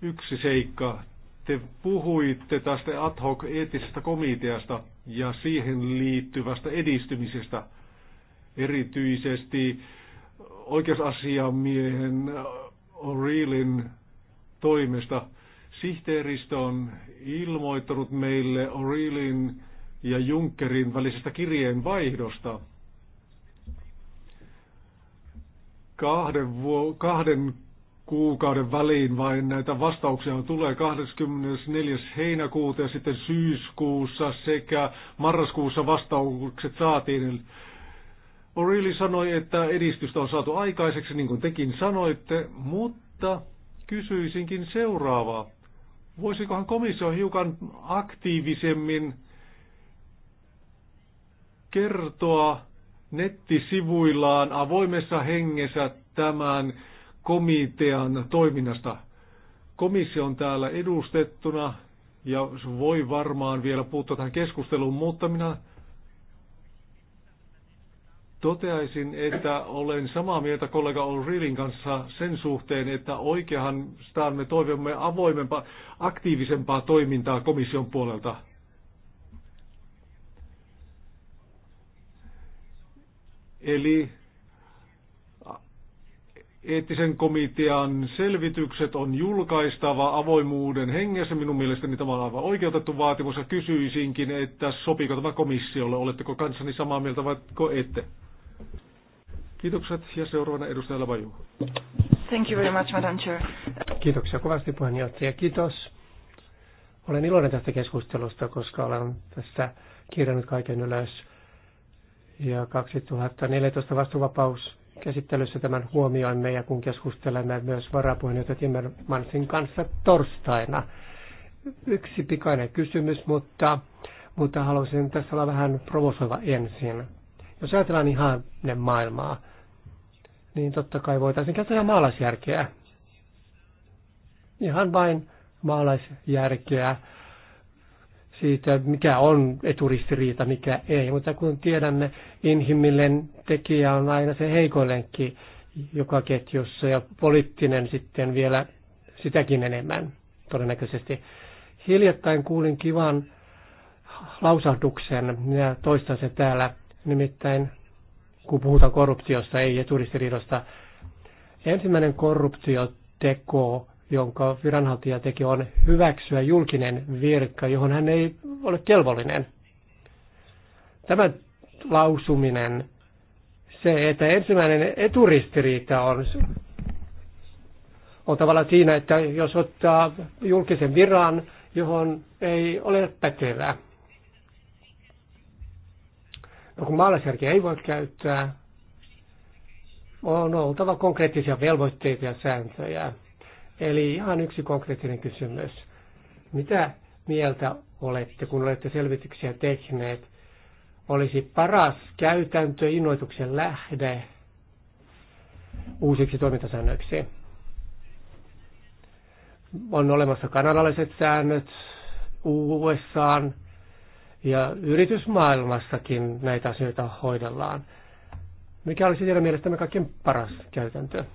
S2: Yksi seikka. Te puhuitte tästä ad hoc eettisestä komiteasta ja siihen liittyvästä edistymisestä. Erityisesti oikeusasiamiehen O'Reillyn toimesta. Sihteeristö on ilmoittanut meille O'Reillyn ja Junckerin välisestä kirjeen vaihdosta. Kahden, kahden kuukauden väliin, vain näitä vastauksia tulee 24. heinäkuuta ja sitten syyskuussa sekä marraskuussa vastaukset saatiin. O'Reilly sanoi, että edistystä on saatu aikaiseksi, niin kuin tekin sanoitte, mutta kysyisinkin seuraavaa. Voisikohan komissio hiukan aktiivisemmin kertoa nettisivuillaan avoimessa hengessä tämän komitean toiminnasta. Komissio on täällä edustettuna ja voi varmaan vielä puuttua tähän keskusteluun, mutta minä toteaisin, että olen samaa mieltä kollega O'Reillyn kanssa sen suhteen, että oikeahan me toivomme avoimempaa, aktiivisempaa toimintaa komission puolelta. Eli Eettisen komitean selvitykset on julkaistava avoimuuden hengessä. Minun mielestäni tämä on aivan oikeutettu vaatimus ja kysyisinkin, että sopiiko tämä komissiolle. Oletteko kanssani samaa mieltä vai ette? Kiitokset ja seuraavana edustaja Lavaju.
S3: Thank you very much, Madam Chair. Kiitoksia kovasti puheenjohtaja. Kiitos. Olen iloinen tästä keskustelusta, koska olen tässä kirjannut kaiken ylös. Ja 2014 vastuvapaus käsittelyssä tämän huomioimme ja kun keskustelemme myös varapuheenjohtaja Timmermansin kanssa torstaina. Yksi pikainen kysymys, mutta, mutta haluaisin tässä olla vähän provosoiva ensin. Jos ajatellaan ihan ne maailmaa, niin totta kai voitaisiin käyttää maalaisjärkeä. Ihan vain maalaisjärkeä siitä, mikä on eturistiriita, mikä ei. Mutta kun tiedämme, inhimillinen tekijä on aina se heikoilenkin joka ketjussa ja poliittinen sitten vielä sitäkin enemmän todennäköisesti. Hiljattain kuulin kivan lausahduksen, minä toistan sen täällä, nimittäin kun puhutaan korruptiosta, ei eturistiriidosta. Ensimmäinen korruptioteko jonka viranhaltija teki, on hyväksyä julkinen virka, johon hän ei ole kelvollinen. Tämä lausuminen, se, että ensimmäinen eturistiriita on, on tavallaan siinä, että jos ottaa julkisen viran, johon ei ole pätevää. No kun maalaisjärkiä ei voi käyttää, on oltava konkreettisia velvoitteita ja sääntöjä. Eli ihan yksi konkreettinen kysymys. Mitä mieltä olette, kun olette selvityksiä tehneet? Olisi paras käytäntö innoituksen lähde uusiksi toimintasäännöiksi. On olemassa kanadalaiset säännöt, USA ja yritysmaailmassakin näitä asioita hoidellaan. Mikä olisi teidän mielestämme kaikkein paras käytäntö?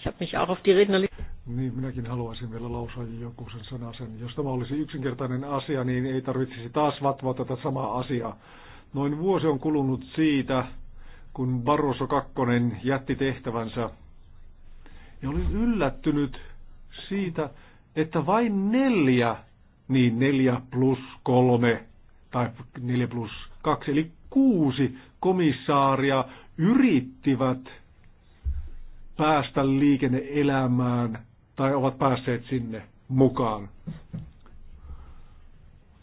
S2: Ich habe mich auch auf die Rednerliste. Niin, minäkin haluaisin vielä lausua joku sen sana sen, Jos tämä olisi yksinkertainen asia, niin ei tarvitsisi taas vatvoa tätä samaa asiaa. Noin vuosi on kulunut siitä, kun Barroso kakkonen jätti tehtävänsä. Ja olin yllättynyt siitä, että vain neljä, niin neljä plus kolme tai neljä plus kaksi, eli kuusi komissaaria yrittivät päästä liikenneelämään tai ovat päässeet sinne mukaan.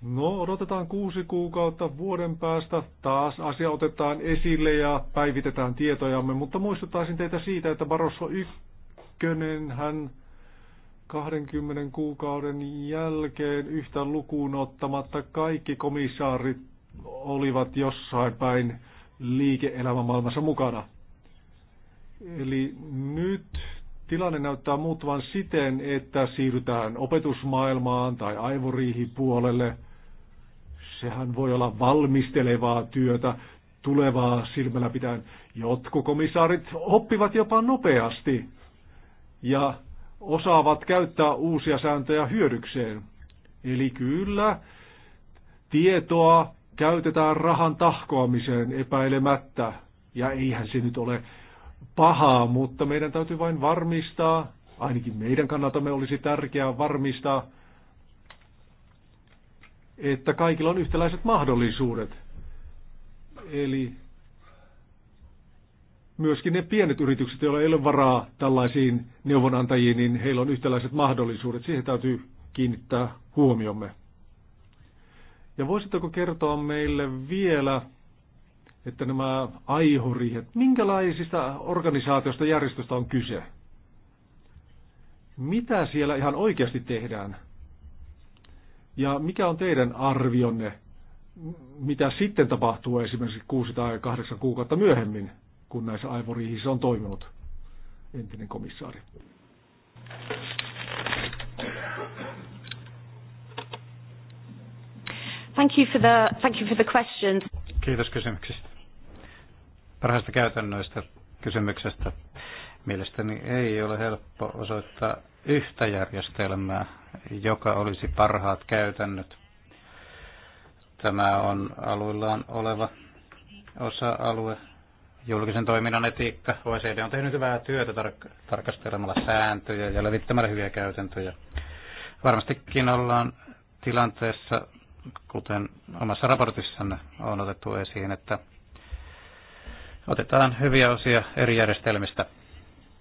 S2: No, odotetaan kuusi kuukautta vuoden päästä. Taas asia otetaan esille ja päivitetään tietojamme, mutta muistuttaisin teitä siitä, että Barosso 1, hän 20 kuukauden jälkeen yhtä lukuun ottamatta kaikki komissaarit olivat jossain päin liike-elämän maailmassa mukana. Eli nyt tilanne näyttää muuttuvan siten, että siirrytään opetusmaailmaan tai aivoriihipuolelle. Sehän voi olla valmistelevaa työtä tulevaa silmällä pitäen. Jotkut komissaarit oppivat jopa nopeasti ja osaavat käyttää uusia sääntöjä hyödykseen. Eli kyllä, tietoa käytetään rahan tahkoamiseen epäilemättä. Ja eihän se nyt ole pahaa, mutta meidän täytyy vain varmistaa, ainakin meidän kannaltamme olisi tärkeää varmistaa, että kaikilla on yhtäläiset mahdollisuudet. Eli myöskin ne pienet yritykset, joilla ei ole varaa tällaisiin neuvonantajiin, niin heillä on yhtäläiset mahdollisuudet. Siihen täytyy kiinnittää huomiomme. Ja voisitteko kertoa meille vielä että nämä aihoriihet, minkälaisista organisaatiosta järjestöstä on kyse? Mitä siellä ihan oikeasti tehdään? Ja mikä on teidän arvionne, mitä sitten tapahtuu esimerkiksi kuusi tai kahdeksan kuukautta myöhemmin, kun näissä aivoriihissä on toiminut entinen komissaari? Thank you for the, thank you for the questions.
S1: Kiitos kysymyksistä parhaista käytännöistä kysymyksestä. Mielestäni ei ole helppo osoittaa yhtä järjestelmää, joka olisi parhaat käytännöt. Tämä on aluillaan oleva osa-alue. Julkisen toiminnan etiikka. OECD on tehnyt hyvää työtä tark- tarkastelemalla sääntöjä ja levittämällä hyviä käytäntöjä. Varmastikin ollaan tilanteessa, kuten omassa raportissanne on otettu esiin, että Otetaan hyviä osia eri järjestelmistä.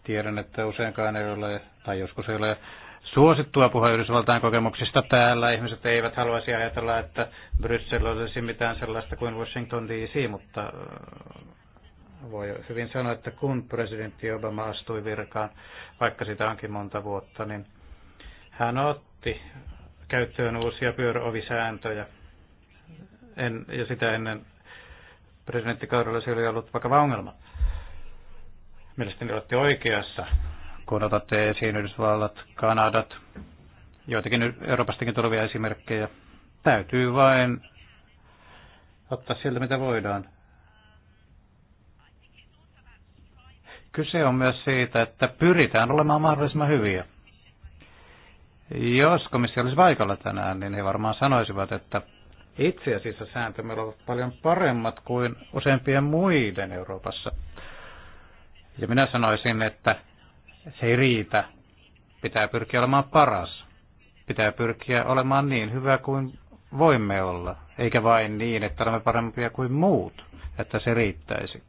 S1: Tiedän, että useinkaan ei ole, tai joskus ei ole suosittua puhua Yhdysvaltain kokemuksista täällä. Ihmiset eivät haluaisi ajatella, että Bryssel olisi mitään sellaista kuin Washington DC, mutta äh, voi hyvin sanoa, että kun presidentti Obama astui virkaan, vaikka sitä onkin monta vuotta, niin hän otti käyttöön uusia pyöröovisääntöjä. En, ja sitä ennen presidenttikaudella se oli ollut vakava ongelma. Mielestäni olette oikeassa, kun otatte esiin Yhdysvallat, Kanadat, joitakin Euroopastakin tulevia esimerkkejä. Täytyy vain ottaa sieltä, mitä voidaan. Kyse on myös siitä, että pyritään olemaan mahdollisimman hyviä. Jos komissio olisi paikalla tänään, niin he varmaan sanoisivat, että itse asiassa sääntömme ovat paljon paremmat kuin useimpien muiden Euroopassa. Ja minä sanoisin, että se ei riitä. Pitää pyrkiä olemaan paras. Pitää pyrkiä olemaan niin hyvä kuin voimme olla, eikä vain niin, että olemme parempia kuin muut, että se riittäisi.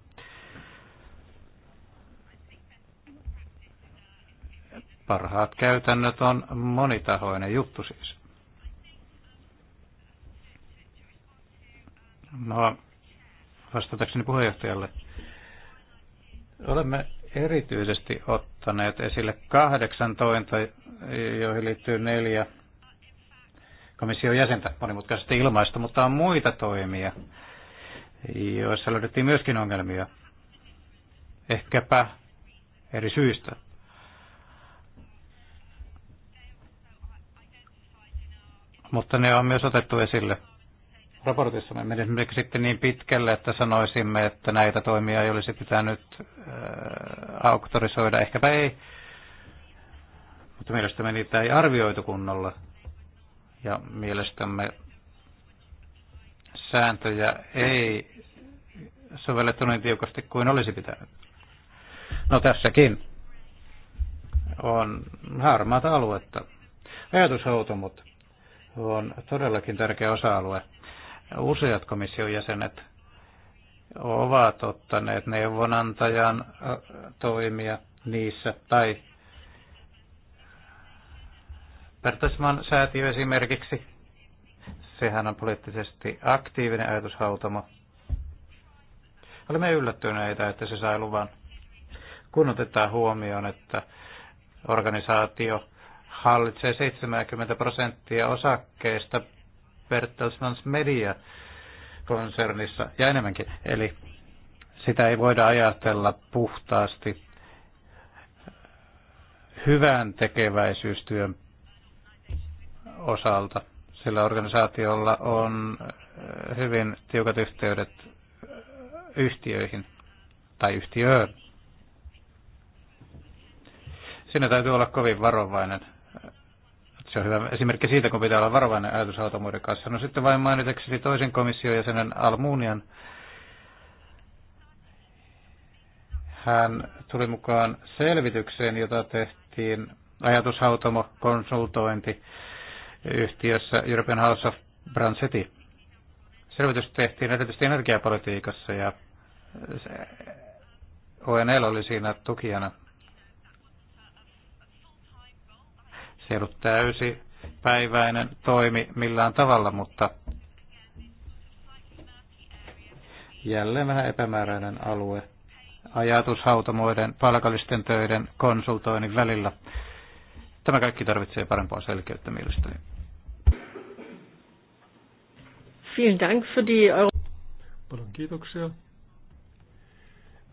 S1: Parhaat käytännöt on monitahoinen juttu siis. No, vastatakseni puheenjohtajalle. Olemme erityisesti ottaneet esille kahdeksan tointa, joihin liittyy neljä komission jäsentä monimutkaisesti ilmaista, mutta on muita toimia, joissa löydettiin myöskin ongelmia. Ehkäpä eri syistä. Mutta ne on myös otettu esille raportissa me menisimme sitten niin pitkälle, että sanoisimme, että näitä toimia ei olisi pitänyt äh, auktorisoida. Ehkäpä ei, mutta mielestämme niitä ei arvioitu kunnolla. Ja mielestämme sääntöjä ei sovellettu niin tiukasti kuin olisi pitänyt. No tässäkin on harmaata aluetta. Ajatushoutomut on todellakin tärkeä osa-alue Useat komission jäsenet ovat ottaneet neuvonantajan toimia niissä, tai Pertasman säätiö esimerkiksi, sehän on poliittisesti aktiivinen ajatushautamo. Olemme yllättyneitä, että se sai luvan, kun otetaan huomioon, että organisaatio hallitsee 70 prosenttia osakkeista Bertelsmans Media konsernissa ja enemmänkin. Eli sitä ei voida ajatella puhtaasti hyvän tekeväisyystyön osalta, sillä organisaatiolla on äh, hyvin tiukat yhteydet äh, yhtiöihin tai yhtiöön. Siinä täytyy olla kovin varovainen se on hyvä esimerkki siitä, kun pitää olla varovainen ajatushautomuuden kanssa. No sitten vain mainitakseni toisen komission jäsenen Almunian. Hän tuli mukaan selvitykseen, jota tehtiin ajatushautomo konsultointi yhtiössä European House of Brand City. Selvitys tehtiin erityisesti energiapolitiikassa ja ONL oli siinä tukijana Se ei ollut täysi päiväinen toimi millään tavalla, mutta jälleen vähän epämääräinen alue ajatushautamoiden palkallisten töiden konsultoinnin välillä. Tämä kaikki tarvitsee parempaa selkeyttä mielestäni.
S2: Vielen Dank für die Euro- Paljon kiitoksia.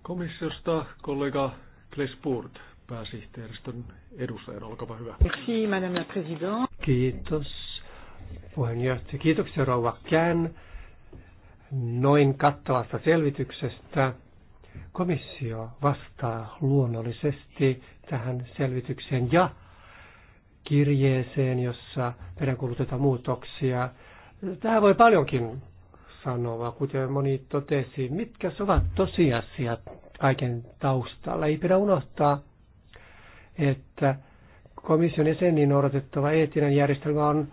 S2: Komissiosta kollega Klesburt pääsihteeristön edustajana. Olkaa hyvä.
S3: Merci, madame la présidente.
S2: Kiitos puheenjohtaja. Kiitoksia
S3: rouva Kään noin kattavasta selvityksestä. Komissio vastaa luonnollisesti tähän selvitykseen ja kirjeeseen, jossa peräänkuulutetaan muutoksia. Tähän voi paljonkin sanoa, kuten moni totesi, mitkä ovat tosiasiat kaiken taustalla. Ei pidä unohtaa että komission jäsenin noudatettava eettinen järjestelmä on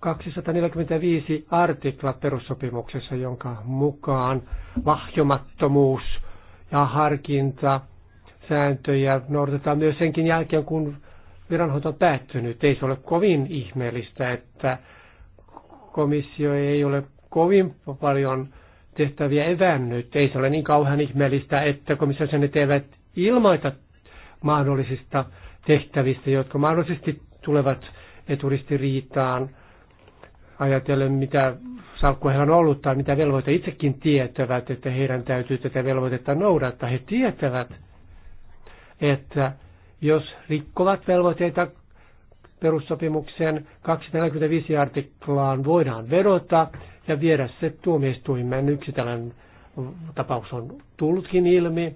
S3: 245 artikla perussopimuksessa, jonka mukaan lahjomattomuus ja harkinta sääntöjä noudatetaan myös senkin jälkeen, kun viranhoito on päättynyt. Ei se ole kovin ihmeellistä, että komissio ei ole kovin paljon tehtäviä evännyt. Ei se ole niin kauhean ihmeellistä, että komission jäsenet eivät ilmoita mahdollisista tehtävistä, jotka mahdollisesti tulevat eturistiriitaan, ajatellen mitä salkku heillä on ollut tai mitä velvoite itsekin tietävät, että heidän täytyy tätä velvoitetta noudattaa. He tietävät, että jos rikkovat velvoitteita perussopimuksen 245 artiklaan voidaan vedota ja viedä se tuomioistuimeen. Yksi tällainen tapaus on tullutkin ilmi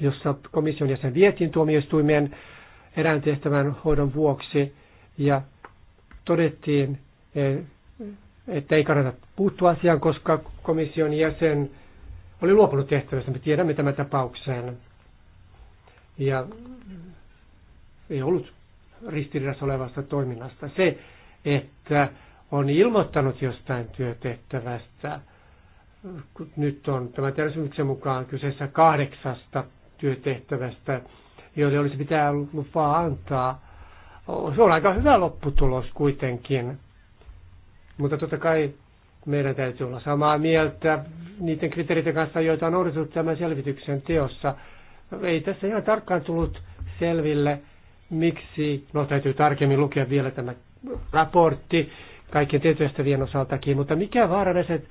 S3: jossa komission jäsen vietiin tuomioistuimien erään tehtävän hoidon vuoksi ja todettiin, e, että ei kannata puuttua asiaan, koska komission jäsen oli luopunut tehtävästä. Me tiedämme tämän tapauksen. Ja ei ollut ristiriidassa olevasta toiminnasta. Se, että on ilmoittanut jostain työtehtävästä, nyt on tämän terveysmyksen mukaan kyseessä kahdeksasta työtehtävästä, joille olisi pitää lupaa antaa. Se on aika hyvä lopputulos kuitenkin. Mutta totta kai meidän täytyy olla samaa mieltä niiden kriteereiden kanssa, joita on odotettu tämän selvityksen teossa. Ei tässä ihan tarkkaan tullut selville, miksi, no täytyy tarkemmin lukea vielä tämä raportti kaikkien tietoystävien osaltakin, mutta mikä vaaralliset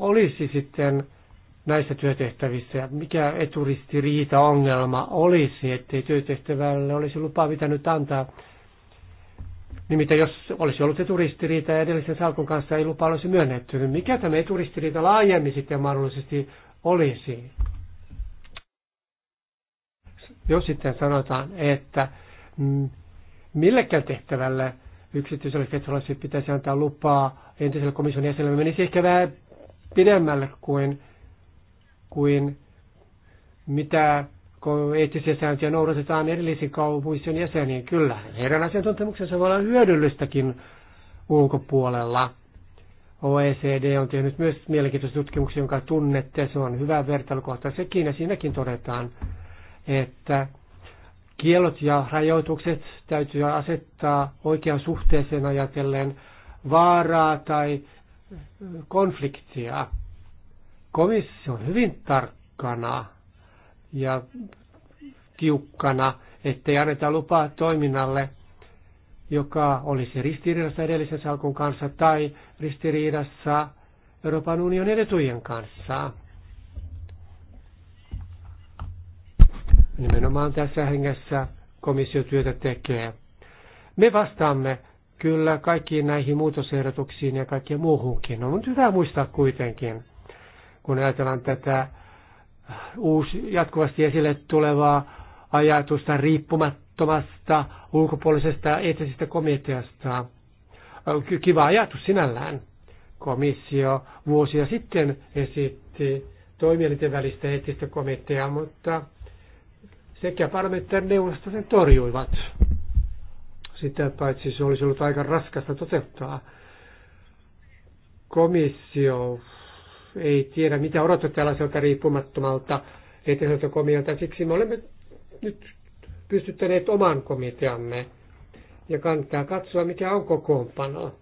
S3: olisi sitten näissä työtehtävissä. Mikä eturistiriita ongelma olisi, ettei työtehtävälle olisi lupa pitänyt antaa. Nimittäin jos olisi ollut eturistiriita ja edellisen salkun kanssa ei lupa olisi myönnetty, niin mikä tämä eturistiriita laajemmin sitten mahdollisesti olisi? Jos sitten sanotaan, että mm, millekään tehtävälle yksityiselle ketsolaiset pitäisi antaa lupaa entiselle komission jäsenelle, menisi ehkä vähän pidemmälle kuin kuin mitä eettisiä sääntöjä noudatetaan erillisiin komission jäseniin. Kyllä, heidän asiantuntemuksensa voi olla hyödyllistäkin ulkopuolella. OECD on tehnyt myös mielenkiintoisen tutkimuksen, jonka tunnette. Se on hyvä vertailukohta sekin, ja siinäkin todetaan, että kielot ja rajoitukset täytyy asettaa oikean suhteeseen ajatellen vaaraa tai konfliktia komissio on hyvin tarkkana ja tiukkana, ettei anneta lupaa toiminnalle, joka olisi ristiriidassa edellisen salkun kanssa tai ristiriidassa Euroopan unionin etujen kanssa. Nimenomaan tässä hengessä komissio työtä tekee. Me vastaamme kyllä kaikkiin näihin muutosehdotuksiin ja kaikkeen muuhunkin. On hyvä muistaa kuitenkin, kun ajatellaan tätä uusi, jatkuvasti esille tulevaa ajatusta riippumattomasta ulkopuolisesta eettisestä komiteasta. Kiva ajatus sinällään. Komissio vuosia sitten esitti toimielinten välistä eettistä komiteaa, mutta sekä parlamentaarinen neuvosto sen torjuivat. Sitä paitsi se olisi ollut aika raskasta toteuttaa. Komissio ei tiedä, mitä odottaa tällaiselta riippumattomalta eteiseltä komiolta. Siksi me olemme nyt pystyttäneet oman komiteamme ja kannattaa katsoa, mikä on kokoonpano.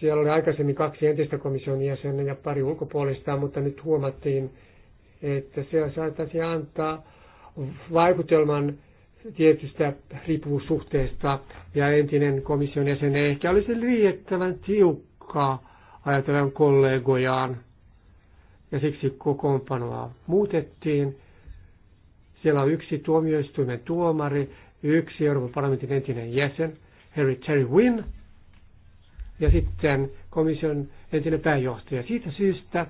S3: Siellä oli aikaisemmin kaksi entistä komission jäsenä ja pari ulkopuolista, mutta nyt huomattiin, että siellä saataisiin antaa vaikutelman tietystä riippuvuussuhteesta ja entinen komission jäsen ei ehkä olisi riittävän tiukkaa ajatellen kollegojaan. Ja siksi kokoonpanoa muutettiin. Siellä on yksi tuomioistuimen tuomari, yksi Euroopan parlamentin entinen jäsen, Harry Terry Wynn, ja sitten komission entinen pääjohtaja. Siitä syystä,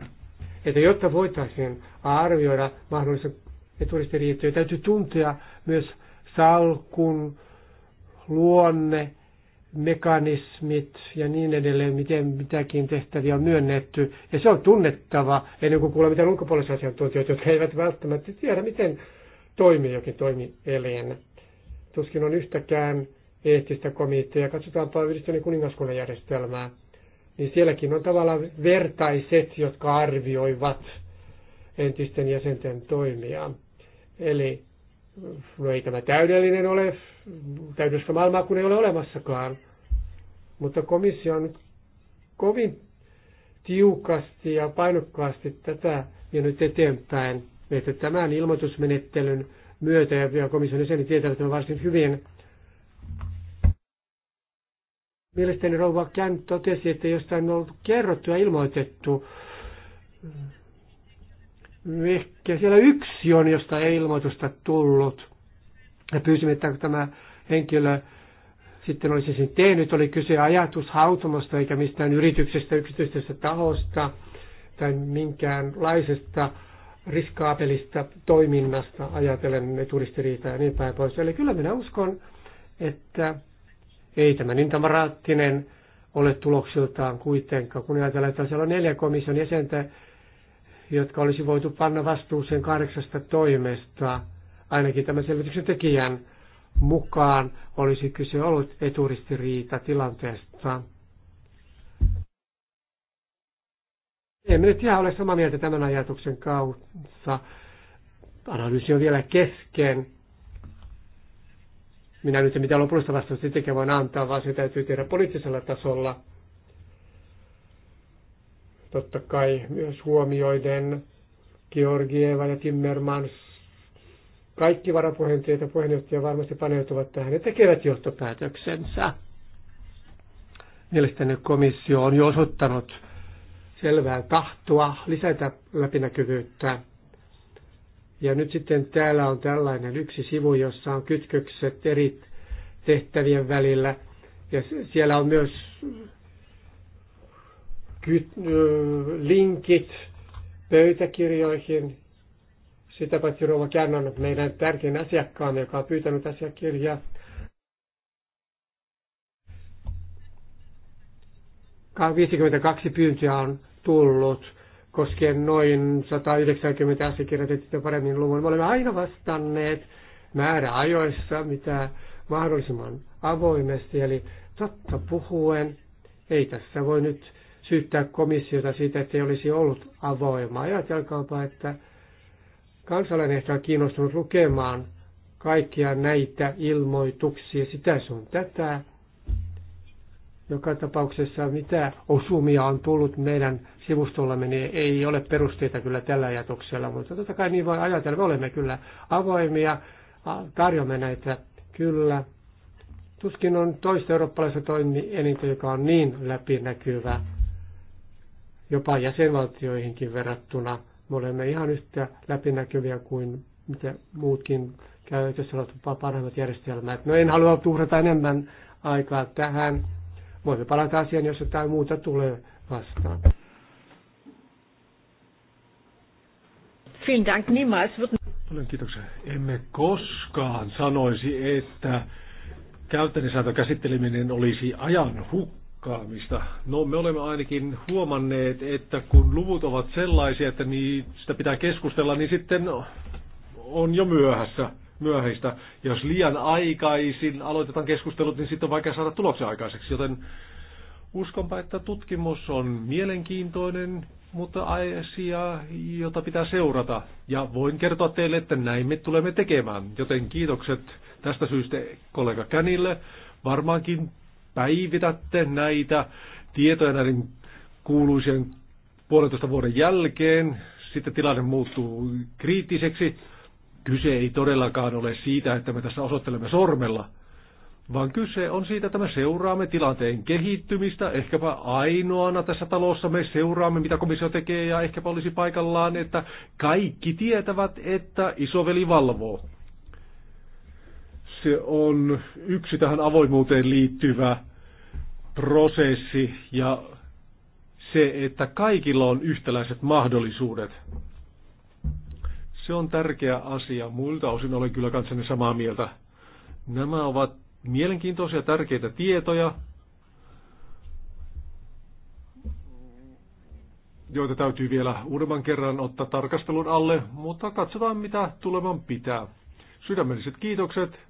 S3: että jotta voitaisiin arvioida mahdollisen eturistiriitoja, täytyy tuntea myös salkun luonne mekanismit ja niin edelleen, miten mitäkin tehtäviä on myönnetty. Ja se on tunnettava ennen kuin kuulee mitään ulkopuolisia asiantuntijoita, jotka eivät välttämättä tiedä, miten toimii jokin toimielin. Tuskin on yhtäkään eettistä komiteaa. Katsotaanpa yhdistyneen kuningaskunnan järjestelmää. Niin sielläkin on tavallaan vertaiset, jotka arvioivat entisten jäsenten toimia. Eli No ei tämä täydellinen ole, täydellistä maailmaa kun ei ole olemassakaan. Mutta komissio on nyt kovin tiukasti ja painokkaasti tätä vienyt eteenpäin, että tämän ilmoitusmenettelyn myötä, ja komission jäseni tietävät tämän varsin hyvin, Mielestäni rouva Kään totesi, että jostain on ollut kerrottu ja ilmoitettu Ehkä siellä yksi on, josta ei ilmoitusta tullut. Ja pyysimme, että tämä henkilö sitten olisi sen tehnyt. Oli kyse ajatushautomasta eikä mistään yrityksestä, yksityisestä tahosta tai minkäänlaisesta riskaapelista toiminnasta ajatellen eturistiriitaa ja niin päin pois. Eli kyllä minä uskon, että ei tämä niin tamaraattinen ole tuloksiltaan kuitenkaan, kun ajatellaan, että siellä on neljä komission jäsentä, jotka olisi voitu panna vastuuseen kahdeksasta toimesta. Ainakin tämän selvityksen tekijän mukaan olisi kyse ollut eturistiriita tilanteesta. Emme nyt ihan ole samaa mieltä tämän ajatuksen kautta. Analyysi on vielä kesken. Minä nyt en mitään lopullista vastausta tekee voin antaa, vaan se täytyy tehdä poliittisella tasolla totta kai myös huomioiden Georgieva ja Timmermans. Kaikki varapuheenjohtajat ja puheenjohtajat varmasti paneutuvat tähän ja tekevät johtopäätöksensä. Mielestäni komissio on jo osoittanut selvää tahtoa lisätä läpinäkyvyyttä. Ja nyt sitten täällä on tällainen yksi sivu, jossa on kytkökset eri tehtävien välillä. Ja siellä on myös linkit pöytäkirjoihin. Sitä paitsi Rova Kärn on meidän tärkein asiakkaamme, joka on pyytänyt asiakirjaa. Ka 52 pyyntöä on tullut koskien noin 190 asiakirjoitettiin paremmin luvun. Me olemme aina vastanneet ajoissa, mitä mahdollisimman avoimesti, eli totta puhuen, ei tässä voi nyt syyttää komissiota siitä, että ei olisi ollut avoimaa. Ajatelkaapa, että kansalainen ehkä on kiinnostunut lukemaan kaikkia näitä ilmoituksia, sitä sun tätä. Joka tapauksessa mitä osumia on tullut meidän sivustollamme, niin ei ole perusteita kyllä tällä ajatuksella, mutta totta kai niin voi ajatella. Me olemme kyllä avoimia, tarjoamme näitä kyllä. Tuskin on toista eurooppalaista toimielintä, joka on niin läpinäkyvä jopa jäsenvaltioihinkin verrattuna. Me olemme ihan yhtä läpinäkyviä kuin mitä muutkin käytössä olevat parhaimmat järjestelmät. No en halua tuhrata enemmän aikaa tähän. Voimme palata asiaan, jos jotain muuta tulee vastaan.
S2: kiitoksia. Emme koskaan sanoisi, että käytännössääntö käsitteleminen olisi ajan hukka kaamista. No me olemme ainakin huomanneet, että kun luvut ovat sellaisia, että niistä pitää keskustella, niin sitten on jo myöhässä, myöhäistä. Jos liian aikaisin aloitetaan keskustelut, niin sitten on vaikea saada tuloksia aikaiseksi, joten uskonpa, että tutkimus on mielenkiintoinen, mutta asia, jota pitää seurata. Ja voin kertoa teille, että näin me tulemme tekemään. Joten kiitokset tästä syystä kollega Känille. Varmaankin päivitätte näitä tietoja näiden kuuluisien puolentoista vuoden jälkeen. Sitten tilanne muuttuu kriittiseksi. Kyse ei todellakaan ole siitä, että me tässä osoittelemme sormella, vaan kyse on siitä, että me seuraamme tilanteen kehittymistä. Ehkäpä ainoana tässä talossa me seuraamme, mitä komissio tekee, ja ehkäpä olisi paikallaan, että kaikki tietävät, että isoveli valvoo. Se on yksi tähän avoimuuteen liittyvä prosessi ja se, että kaikilla on yhtäläiset mahdollisuudet. Se on tärkeä asia. Muilta osin olen kyllä kanssani samaa mieltä. Nämä ovat mielenkiintoisia, tärkeitä tietoja, joita täytyy vielä uudemman kerran ottaa tarkastelun alle, mutta katsotaan mitä tulevan pitää. Sydämelliset kiitokset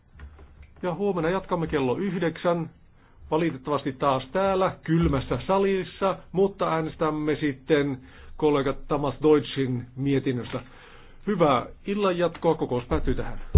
S2: ja huomenna jatkamme kello yhdeksän. Valitettavasti taas täällä kylmässä salissa, mutta äänestämme sitten kollega Thomas Deutschin mietinnöstä. Hyvää illanjatkoa, kokous päättyy tähän.